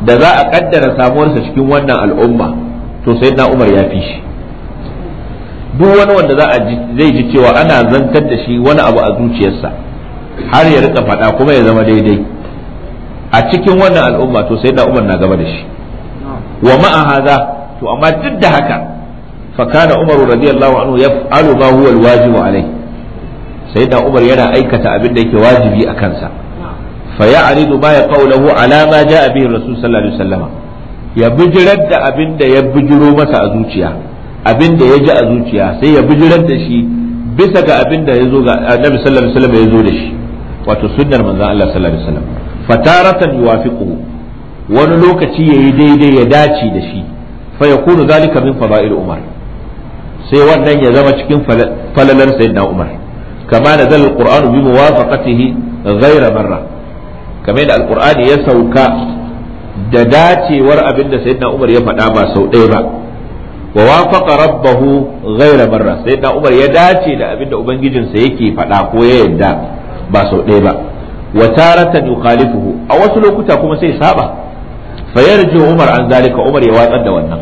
S3: da za a kaddara samuwarsa cikin wannan al'umma to sai na ya fi shi duk wani wanda zai ji cewa ana zantar da shi wani abu a zuciyarsa har ya rika faɗa kuma ya zama daidai a cikin wannan al'umma to sai na umar na gaba da shi wa ma'a haza to amma duk da haka fa kana umaru radiyallahu anhu yaf'alu ma huwa alwajibu alai sayyidina umar yana aikata abin da yake wajibi a kansa fa ya'ridu ma yaqulu lahu alama ma ja'a bihi rasul sallallahu alaihi wasallam ya bijirar abin da ya bijiro masa a zuciya abin da ya ji a zuciya sai ya bijirar shi bisa ga abin da ya zo ga annabi zo da shi wato sunnar manzon Allah sallallahu wani lokaci yayi daidai ya dace da shi fa zalika min fada'il umar sai wannan ya zama cikin falalar sayyidina Umar kama da zal alqur'anu bi muwafaqatihi ghayra marra kamar da alqur'ani ya sauka da dacewar abin da sayyidina Umar ya faɗa ba sau ɗaya ba wa wafaqa rabbahu ghayra marra sayyidina Umar ya dace da abin da ubangijinsa yake faɗa ko ya yarda ba sau ɗaya ba wa taratan yukhalifuhu a wasu lokuta kuma sai saba fayarji Umar an zalika Umar ya watsar da wannan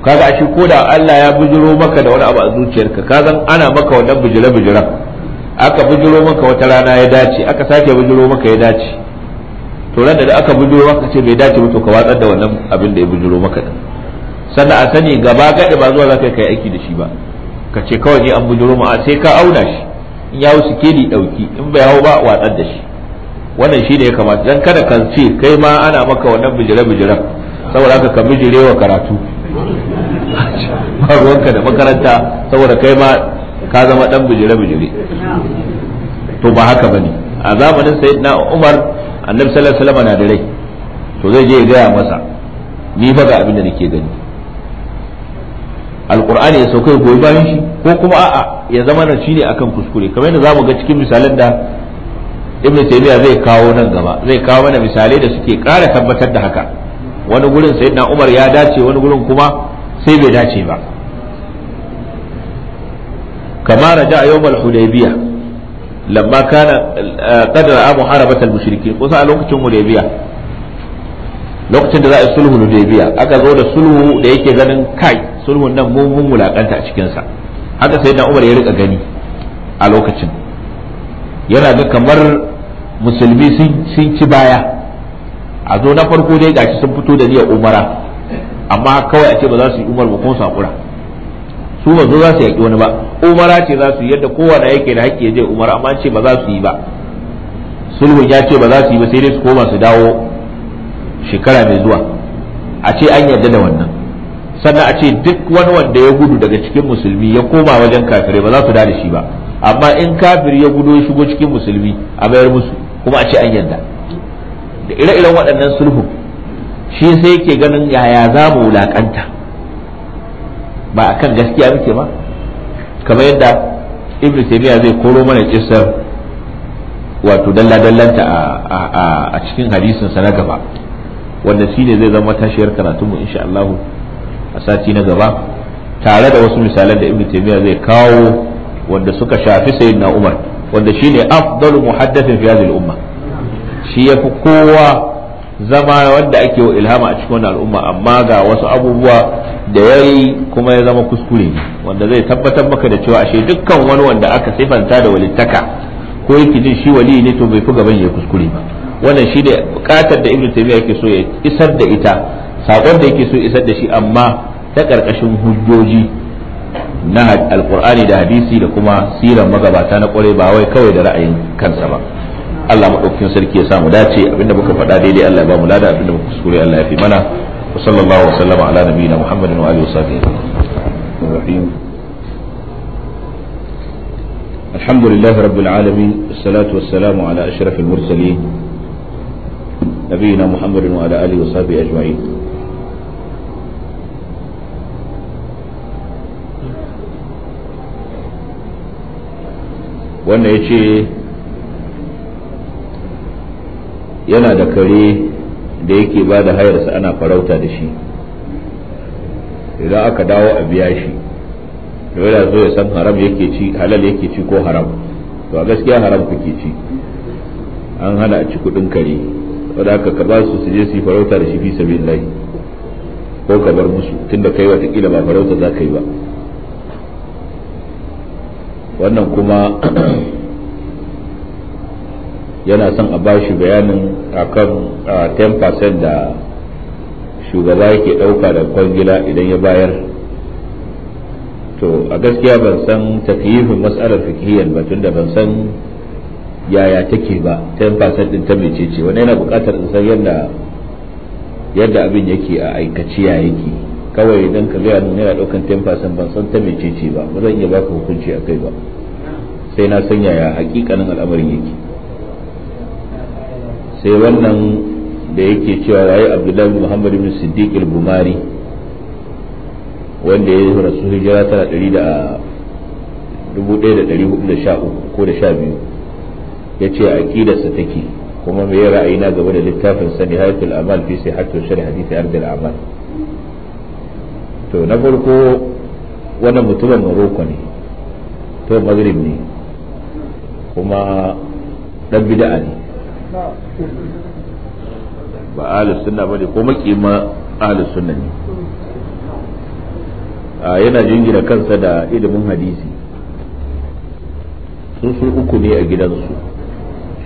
S3: to kaga ashe ko da Allah ya bujiro maka da wani abu a zuciyarka ka zan ana maka wannan bujire bujiran aka bujiro maka wata rana ya dace aka sake bujiro maka ya dace to ran da aka bujiro maka ce bai dace ba to ka watsar da wannan abin da ya bujiro maka din sannan a sani gaba gadi ba zuwa zaka kai aiki da shi ba ka ce kawai ne an bujiro mu a sai ka auna shi in ya wuce keli dauki in bai hau ba watsar da shi wannan shi ne ya kamata dan kada kan ce kai ma ana maka wannan bujire bujiran saboda haka ka bijirewa karatu
S2: ba ruwanka da makaranta saboda kai ma ka zama dan bijire bijire to ba haka bane
S3: a zamanin sayyidina Umar annabi sallallahu alaihi wasallam da rai to zai je ya gaya masa ni fa ga abin da nake gani alqur'ani ya sauka goyi bayan shi ko kuma a'a ya zama na shine akan kuskure kamar yadda zamu ga cikin misalan da ibn taymiya zai kawo nan gaba zai kawo mana misalai da suke ƙara tabbatar da haka wani gurin na umar ya dace wani gurin kuma sai bai dace ba Kamar da a yawmal hudaybiya lamma kana eh, a muharabat al mushrikin kusa a lokacin hudaybiya lokacin da za a yi sulhu hudaybiya aka zo da sulhu da yake ganin kai sulhun nan mun mun a cikin sa haka da umar ya rika gani a lokacin yana ga kamar musulmi sun ci baya a zo na farko dai gashi sun fito da niyyar umara amma kawai a ce ba za su yi umar ba ko Saƙura? su ba zo za su yaƙi wani ba umara ce za su yi yadda kowane yake da haƙƙi ya je umara amma ce ba za su yi ba sulhun ya ce ba za su yi ba sai dai su koma su dawo shekara mai zuwa a ce an yarda da wannan sannan a ce duk wani wanda ya gudu daga cikin musulmi ya koma wajen kafirai ba za su da shi ba amma in kafir ya gudu ya shigo cikin musulmi a mayar musu kuma a ce an yarda da ire-iren waɗannan sulhu shi sai yake ganin yaya za mu wulaƙanta ba a kan gaskiya muke ba kamar yadda ibn taymiya zai koro mana kisar wato dalla-dallanta a cikin hadisin sa na gaba wanda shi ne zai zama tashiyar karatunmu insha Allahu a sati na gaba tare da wasu misalan da ibn taymiya zai kawo wanda suka shafi sayyidina umar wanda shine afdalu muhaddathin fi hadhihi al-umma shi ya fi kowa zama wanda ake wa ilhama a cikin wannan al'umma amma ga wasu abubuwa da ya yi kuma ya zama kuskure wanda zai tabbatar maka da cewa ashe dukkan wani wanda aka sifanta da walittaka ko yake jin shi wali ne to bai fi gaban ya kuskure ba wannan shi ne bukatar da ibnu taymiya yake so ya isar da ita sakon da yake so isar da shi amma ta karkashin hujjoji na alkur'ani da hadisi da kuma siran magabata na kwarai ba wai kawai da ra'ayin kansa ba Allah madaukakin sarki ya samu dace abinda muka faɗa daidai Allah ya ba mu lada abinda muka kuskure Allah ya fi mana wa sallallahu wa sallama ala nabiyina Muhammadin wa alihi wa sahbihi الحمد لله رب العالمين والصلاة والسلام على أشرف المرسلين نبينا محمد وعلى آله وصحبه أجمعين وأن يجي yana da kare da yake ba da hayarsa ana farauta da shi idan aka dawo a biya shi yana zo ya san haram yake ci halal yake ci ko haram to a gaskiya haram kuke ci an hana a ci kudin kare wadda aka karba su su je su yi farauta da shi fi sabin lai? ko ka bar musu tunda kai watakila ba farauta za ka yi ba wannan kuma yana son a ba shi bayanin akan 10% da shugaba yake ɗauka da kwangila idan ya bayar to a gaskiya ban san takyifin matsalar fikiyar ba tunda ban san yaya take ba 10% din ta mecece wani yana buƙatar in san yadda yadda abin yake a aikaci ya yake kawai idan ka gaya nuna yana ɗaukan 10% ban san ta mecece ba ba zan iya baka hukunci a kai ba sai na san yaya hakikanin al'amarin yake sai wannan da yake cewa rayu abdullahi muhammad ibn siddiq al-bumari wanda ya rasu hijira tara ɗari da dubu ɗaya da ɗari hudu da sha uku ko da sha biyu ya ce a ƙidarsa take kuma mai ra'ayi na gaba da littafin sani haifin amal fi sai hatta shari hadisi har da amal to na farko wannan mutumin maroko ne to magrib ne kuma ɗan bida'a ne ba suna ba ne ko makima ahlus sunna ne yana jingina kansa da ilimin hadisi sun su uku ne a gidansu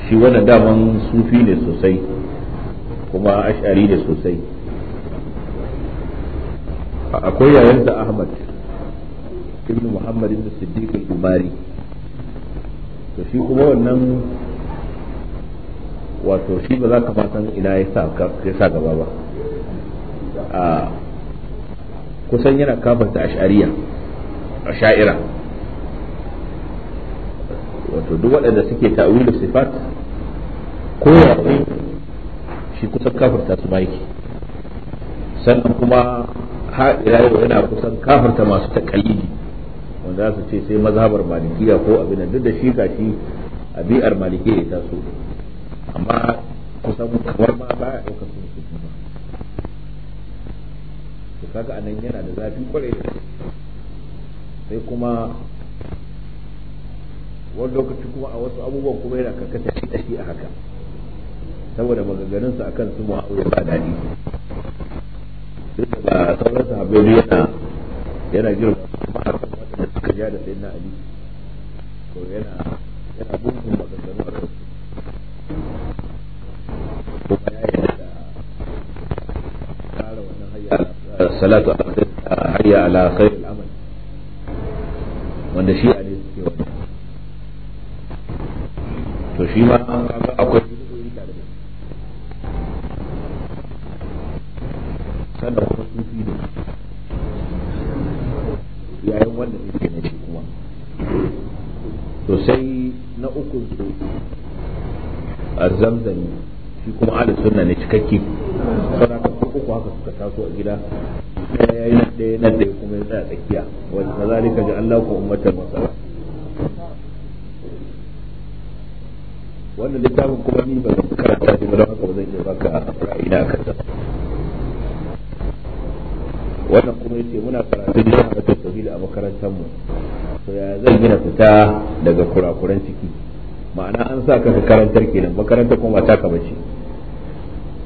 S3: shi wani daman sufi ne sosai kuma ash'ari ne sosai akwai yayansa ahmad ibn muhammad ibn siddiq umari to shi kuma wannan wato shi ba za ka fatan ina ya sa gaba ba a kusan yana kafanta ashariya a sha'ira wato duk waɗanda suke da sifat ko ya shi kusan kafarta su baiki sannan kuma har yau yana kusan kafarta masu taƙalili wanda za su ce sai mazhabar malikiya ko abin da duk da shi gashi abi'ar malikiya ya taso amma kusan kamar ma ba ya ɗaukar su musulmi ba to kaga anan yana da zafi kwarai da sai kuma wani lokaci kuma a wasu abubuwan kuma yana karkata shi tashi a haka saboda maganganunsa akan su mu'awiya ba daɗi duk da ba sauran sahabbai yana yana girma kuma kan wata da suka ja da sayyidina ali to yana
S2: yana bugun maganganu a kansu salatu a hayya ala khair al'amal wanda shi a ne suke
S3: wannan to shi ma akwai zamzami shi kuma ahlus sunna ne cikakke saboda ko uku haka suka taso a gida daya yayi na ɗaya na ɗaya kuma ya a tsakiya wa kazalika ja'alnaku ummatan wasala wannan littafin
S2: kuma ni ba zan karanta
S3: shi ba don haka ba zan iya baka na akan sa wannan kuma yace muna karatu da haɗa tauhid a makarantar mu to ya zan gina fita daga kurakuran ciki ma'ana an sa ka makarantar kenan makarantar kuma ta ka bace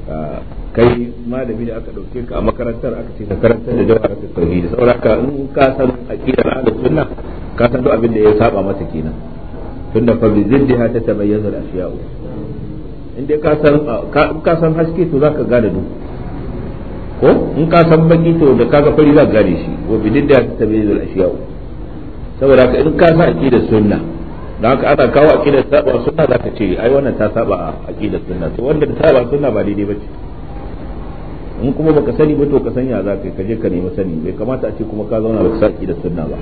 S3: ah, kai malami da aka dauke ka a makarantar aka ce makarantar da jawara ta tauhidi saboda ka in ka san aqidar ahlus sunna ka san duk abin da ya saba mata kenan tunda fa bi ziddiha ta tabayyazu al ashiya'u in dai ka san ah, ka san haske to zaka gane duk ko in ka san baki to da kaga fari zaka gane shi wa bi ziddiha ta tabayyazu al ashiya'u saboda ka in ka san aqidar sunna don haka ana kawo aqidar saba sunna zaka ce ai wannan ta saba aqidar sunna to wanda ta saba sunna ba daidai bace in kuma baka sani ba to ka sanya za ka je ka nemi sani bai kamata a ce kuma ka zauna baka saki da sunna ba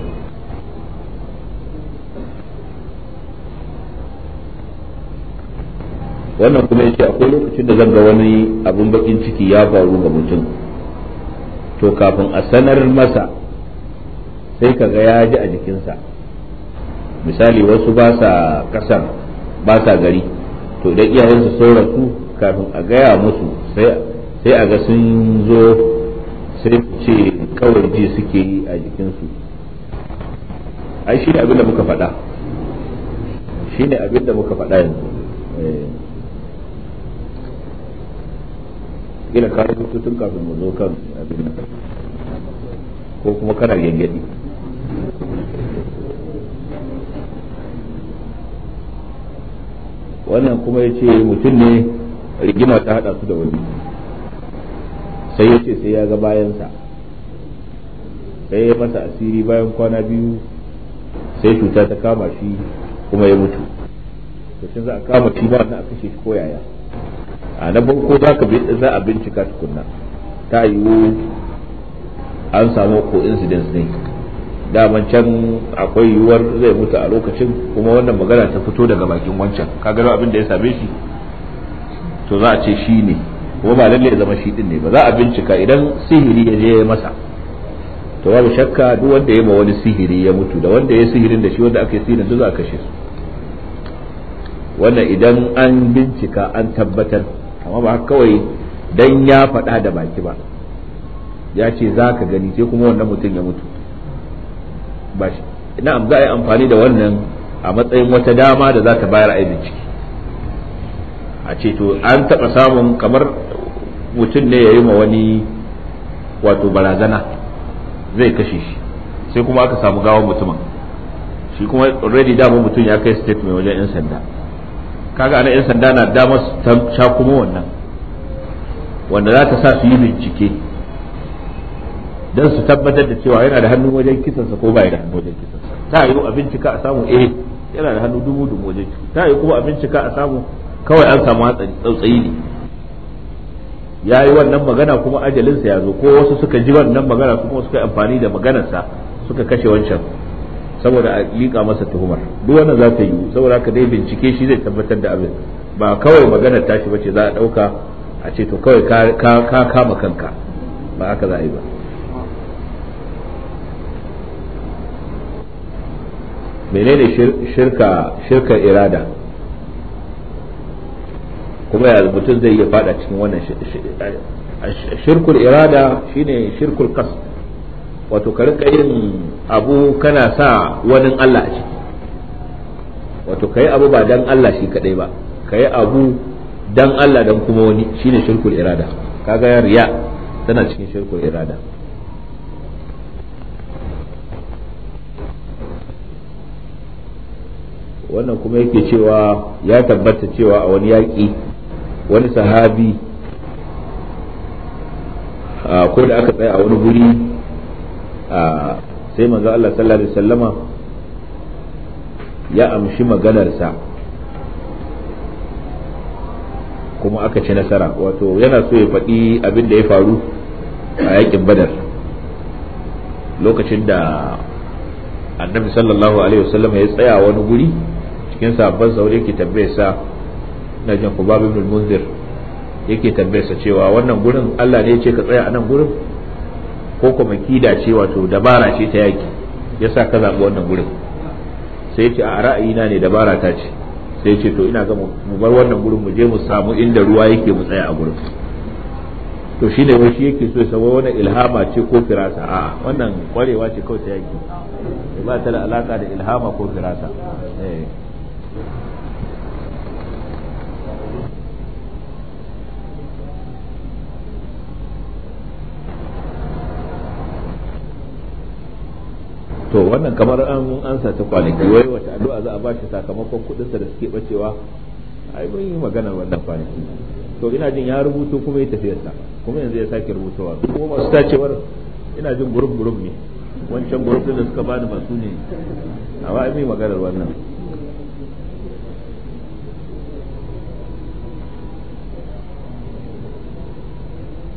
S3: wannan kuma yace akwai lokacin da zan ga wani abun bakin ciki ya faru ga mutum to kafin a sanar masa sai kaga ya ji a jikinsa misali wasu ba sa kasar ba sa gari to da iyayensu sun kafin a gaya musu sai a ga sun zo sai ce kawai ji suke yi a jikinsu ai shi ne abin da muka faɗa shi ne abin da muka faɗa yanzu eh. kila ka tutun tun kafin mu zo kan abin ko kuma kana gyangyaɗi wannan kuma ya ce mutum ne rigima ta hada su da wani sai ya ce sai ya ga bayansa sai ya masa asiri bayan kwana biyu sai cuta ta kama shi kuma ya mutu da shi za a kama shi ba na a kashe shi ko yaya a na banko za ka za a bincika tukunna ta yiwu an samu ko incidence ne daman can akwai yiwuwar zai mutu a lokacin kuma wannan magana ta fito daga bakin wancan ka gano abin da ya same shi to za a ce shi ne kuma ba lalle ya zama shi din ne ba za a bincika idan sihiri ya je masa to babu shakka duk wanda ya ma wani sihiri ya mutu da wanda ya sihirin da shi wanda aka yi sihirin duk za a kashe su wannan idan an bincika an tabbatar amma ba kawai dan ya faɗa da baki ba ya ce za ka gani sai kuma wannan mutum ya mutu bashi na'am za a yi amfani da wannan a matsayin wata dama da za ta bayar a bincike a ce to an taɓa samun kamar mutum ne ya yi ma wani wato barazana zai kashe shi sai kuma aka samu gawan mutumin shi kuma already dama mutum ya kai state mai wajen 'yan sanda kaga ana 'yan sanda na damar ta kuma wannan wanda za ta sa su yi bincike don su tabbatar da cewa yana da hannu wajen kisansa ko ba ya da hannu wajen kisansa ta yi a bincika a samu eh yana da hannu dubu dubu wajen ta yi kuma a bincika a samu kawai an samu hatsari tsautsayi ne ya yi wannan magana kuma ajalinsa ya zo ko wasu suka ji wannan magana kuma suka amfani da maganarsa suka kashe wancan saboda a liƙa masa tuhumar duk wannan za ta yiwu saboda haka dai bincike shi zai tabbatar da abin ba kawai maganar tashi ce za a ɗauka a ce to kawai ka kama kanka ba haka za a yi ba menene shirka shirka irada kuma ya mutum zai iya fada cikin wannan shirkul irada shine shirkul kas wato ka yin abu kana sa wani Allah a ciki wato kai abu ba dan Allah shi kadai ba kai abu dan Allah dan kuma wani shine shirkul irada kaga riya tana cikin shirkul irada wannan kuma yake cewa ya tabbata cewa a wani yaƙi wani sahabi ko da aka tsaya a wani guri sai manzo Allah sallallahu alaihi wasallama ya amshi maganarsa kuma aka ci nasara wato yana so ya faɗi abin da ya faru a yakin badar lokacin da annabi sallallahu alaihi wasallama ya tsaya a wani guri cikin sabon sauri yake tambaye sa na jin kubab ibn munzir yake tambaye sa cewa wannan gurin Allah ne ya ce ka tsaya a nan gurin ko kuma kida ce wato dabara ce ta yaki yasa ka zaɓi wannan gurin sai ce a ra'ayina ne dabara ta ce sai ce to ina ga mu bar wannan gurin mu je mu samu inda ruwa yake mu tsaya a gurin to shine wai shi yake so ya samu wannan ilhama ce ko firasa a wannan kwarewa ce kawai ta yaki ba ta da alaka da ilhama ko firasa eh to wannan kamar an ansa ta kwanaki wai wata addu'a za a bashi sakamakon kudin sa da suke bacewa ai mun yi magana wannan kwanaki to ina jin ya rubuto kuma ya tafi yasa kuma yanzu ya sake rubutowa kuma masu tacewar ina jin gurub gurub ne wancan gurup da suka bani masu ne
S2: a ba yi maganar wannan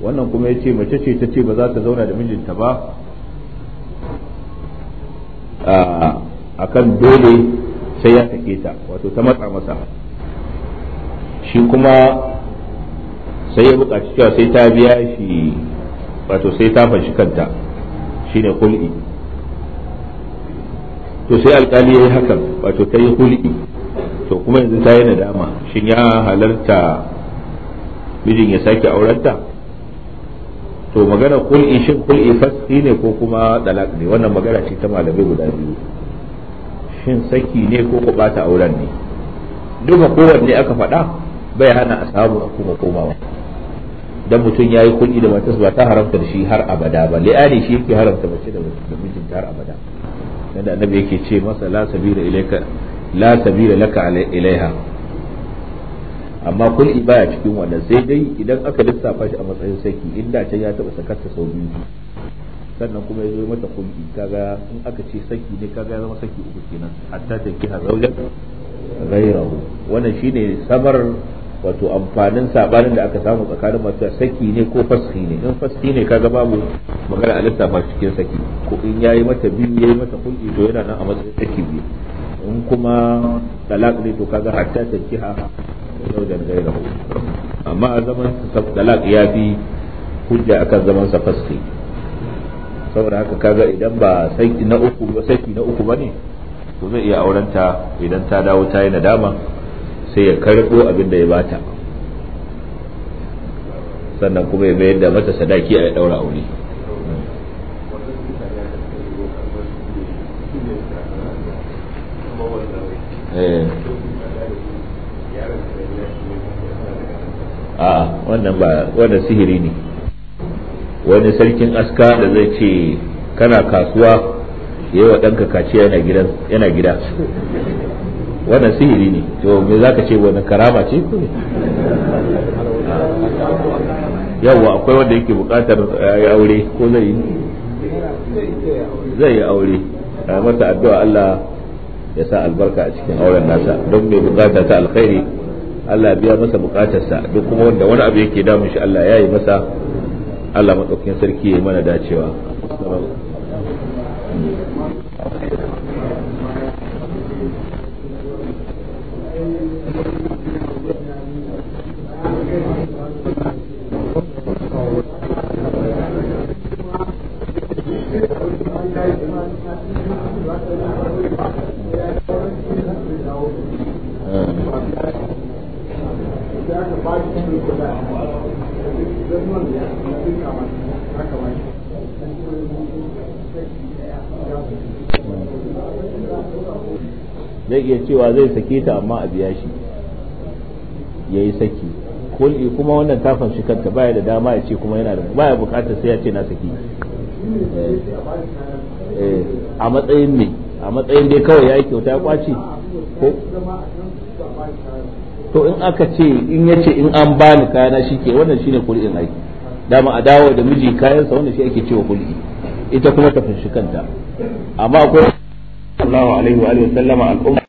S3: wannan kuma ya ce mace ce ta ce ba za ta zauna da mijinta ba a kan dole sai ya sake ta wato ta matsa masa shi kuma sai ya buƙaci cewa sai ta biya shi wato sai ta fashi kanta shi ne kul'i to sai alkali ya yi hakan wato ta yi kul'i to kuma yanzu ta yi nadama shin ya halarta mijin ya sake aurenta to magana kul'i shin kul'i faski ne ko kuma dalak ne wannan magana ce ta malamai guda biyu shin saki ne ko ku bata auren ne duka kowanne aka faɗa bai hana a samu a kuma komawa dan mutum ya yi kul'i da matarsa ba ta haramta da shi har abada ba li'ani shi yake haramta mace da mijinta har abada dan da annabi yake ce masa la sabila ilayka la sabila laka ilaiha amma kul'i baya cikin wannan sai dai idan aka lissafa shi a matsayin saki inda can ya taba sakarta sau biyu sannan kuma ya zo mata kul'i kaga in aka ce saki ne kaga ya zama saki uku kenan hatta ta kiha zaujan ghairahu wannan shine samar wato amfanin sabanin da aka samu tsakanin mata saki ne ko faski ne in faski ne kaga babu magana a lissafa cikin saki ko in yayi mata biyu yayi mata kul'i to yana nan a matsayin saki biyu in kuma talaq ne to kaga hatta ta kiha zaujan gairahu amma a zaman talak ya fi hujja akan zaman sa saboda haka kaga idan ba saiki na uku ba saiki na uku bane to zai iya aurenta idan ta dawo ta yi nadama sai ya karɓo abin da ya bata sannan kuma ya bayar da mata sadaki a daura aure eh a'a wannan ba wanda sihiri ne wani sarkin aska da zai ce kana kasuwa yayi wa ɗanka kaciya yana gidan yana gida wannan sihiri ne to me zaka ce wannan karama ce ko
S2: akwai wanda
S3: yake bukatar ya eh, aure ko zai yi zai yi aure a mata addu'a Allah ya sa albarka a cikin auren nasa don mai bukata ta alkhairi Allah biya masa bukatarsa duk kuma wanda wani abu yake damun shi Allah ya yi masa Allah maɗaukin sarki ya yi mana dacewa zai iya cewa zai sake ta amma a biya shi ya yi saki kulli kuma wannan ta fanshi kanta baya da dama ya ce kuma yana da baya bukatar sai ya ce na saki eh, a matsayin ne a matsayin dai kawai ya yi kyauta ya kwace ko to in aka ce in ya ce in an bani kayana shi ke wannan shi ne kulli aiki dama a dawo da miji kayansa wannan shi ake cewa kulli ita kuma ta fanshi kanta amma akwai الله عليه وآله وسلم عن أمة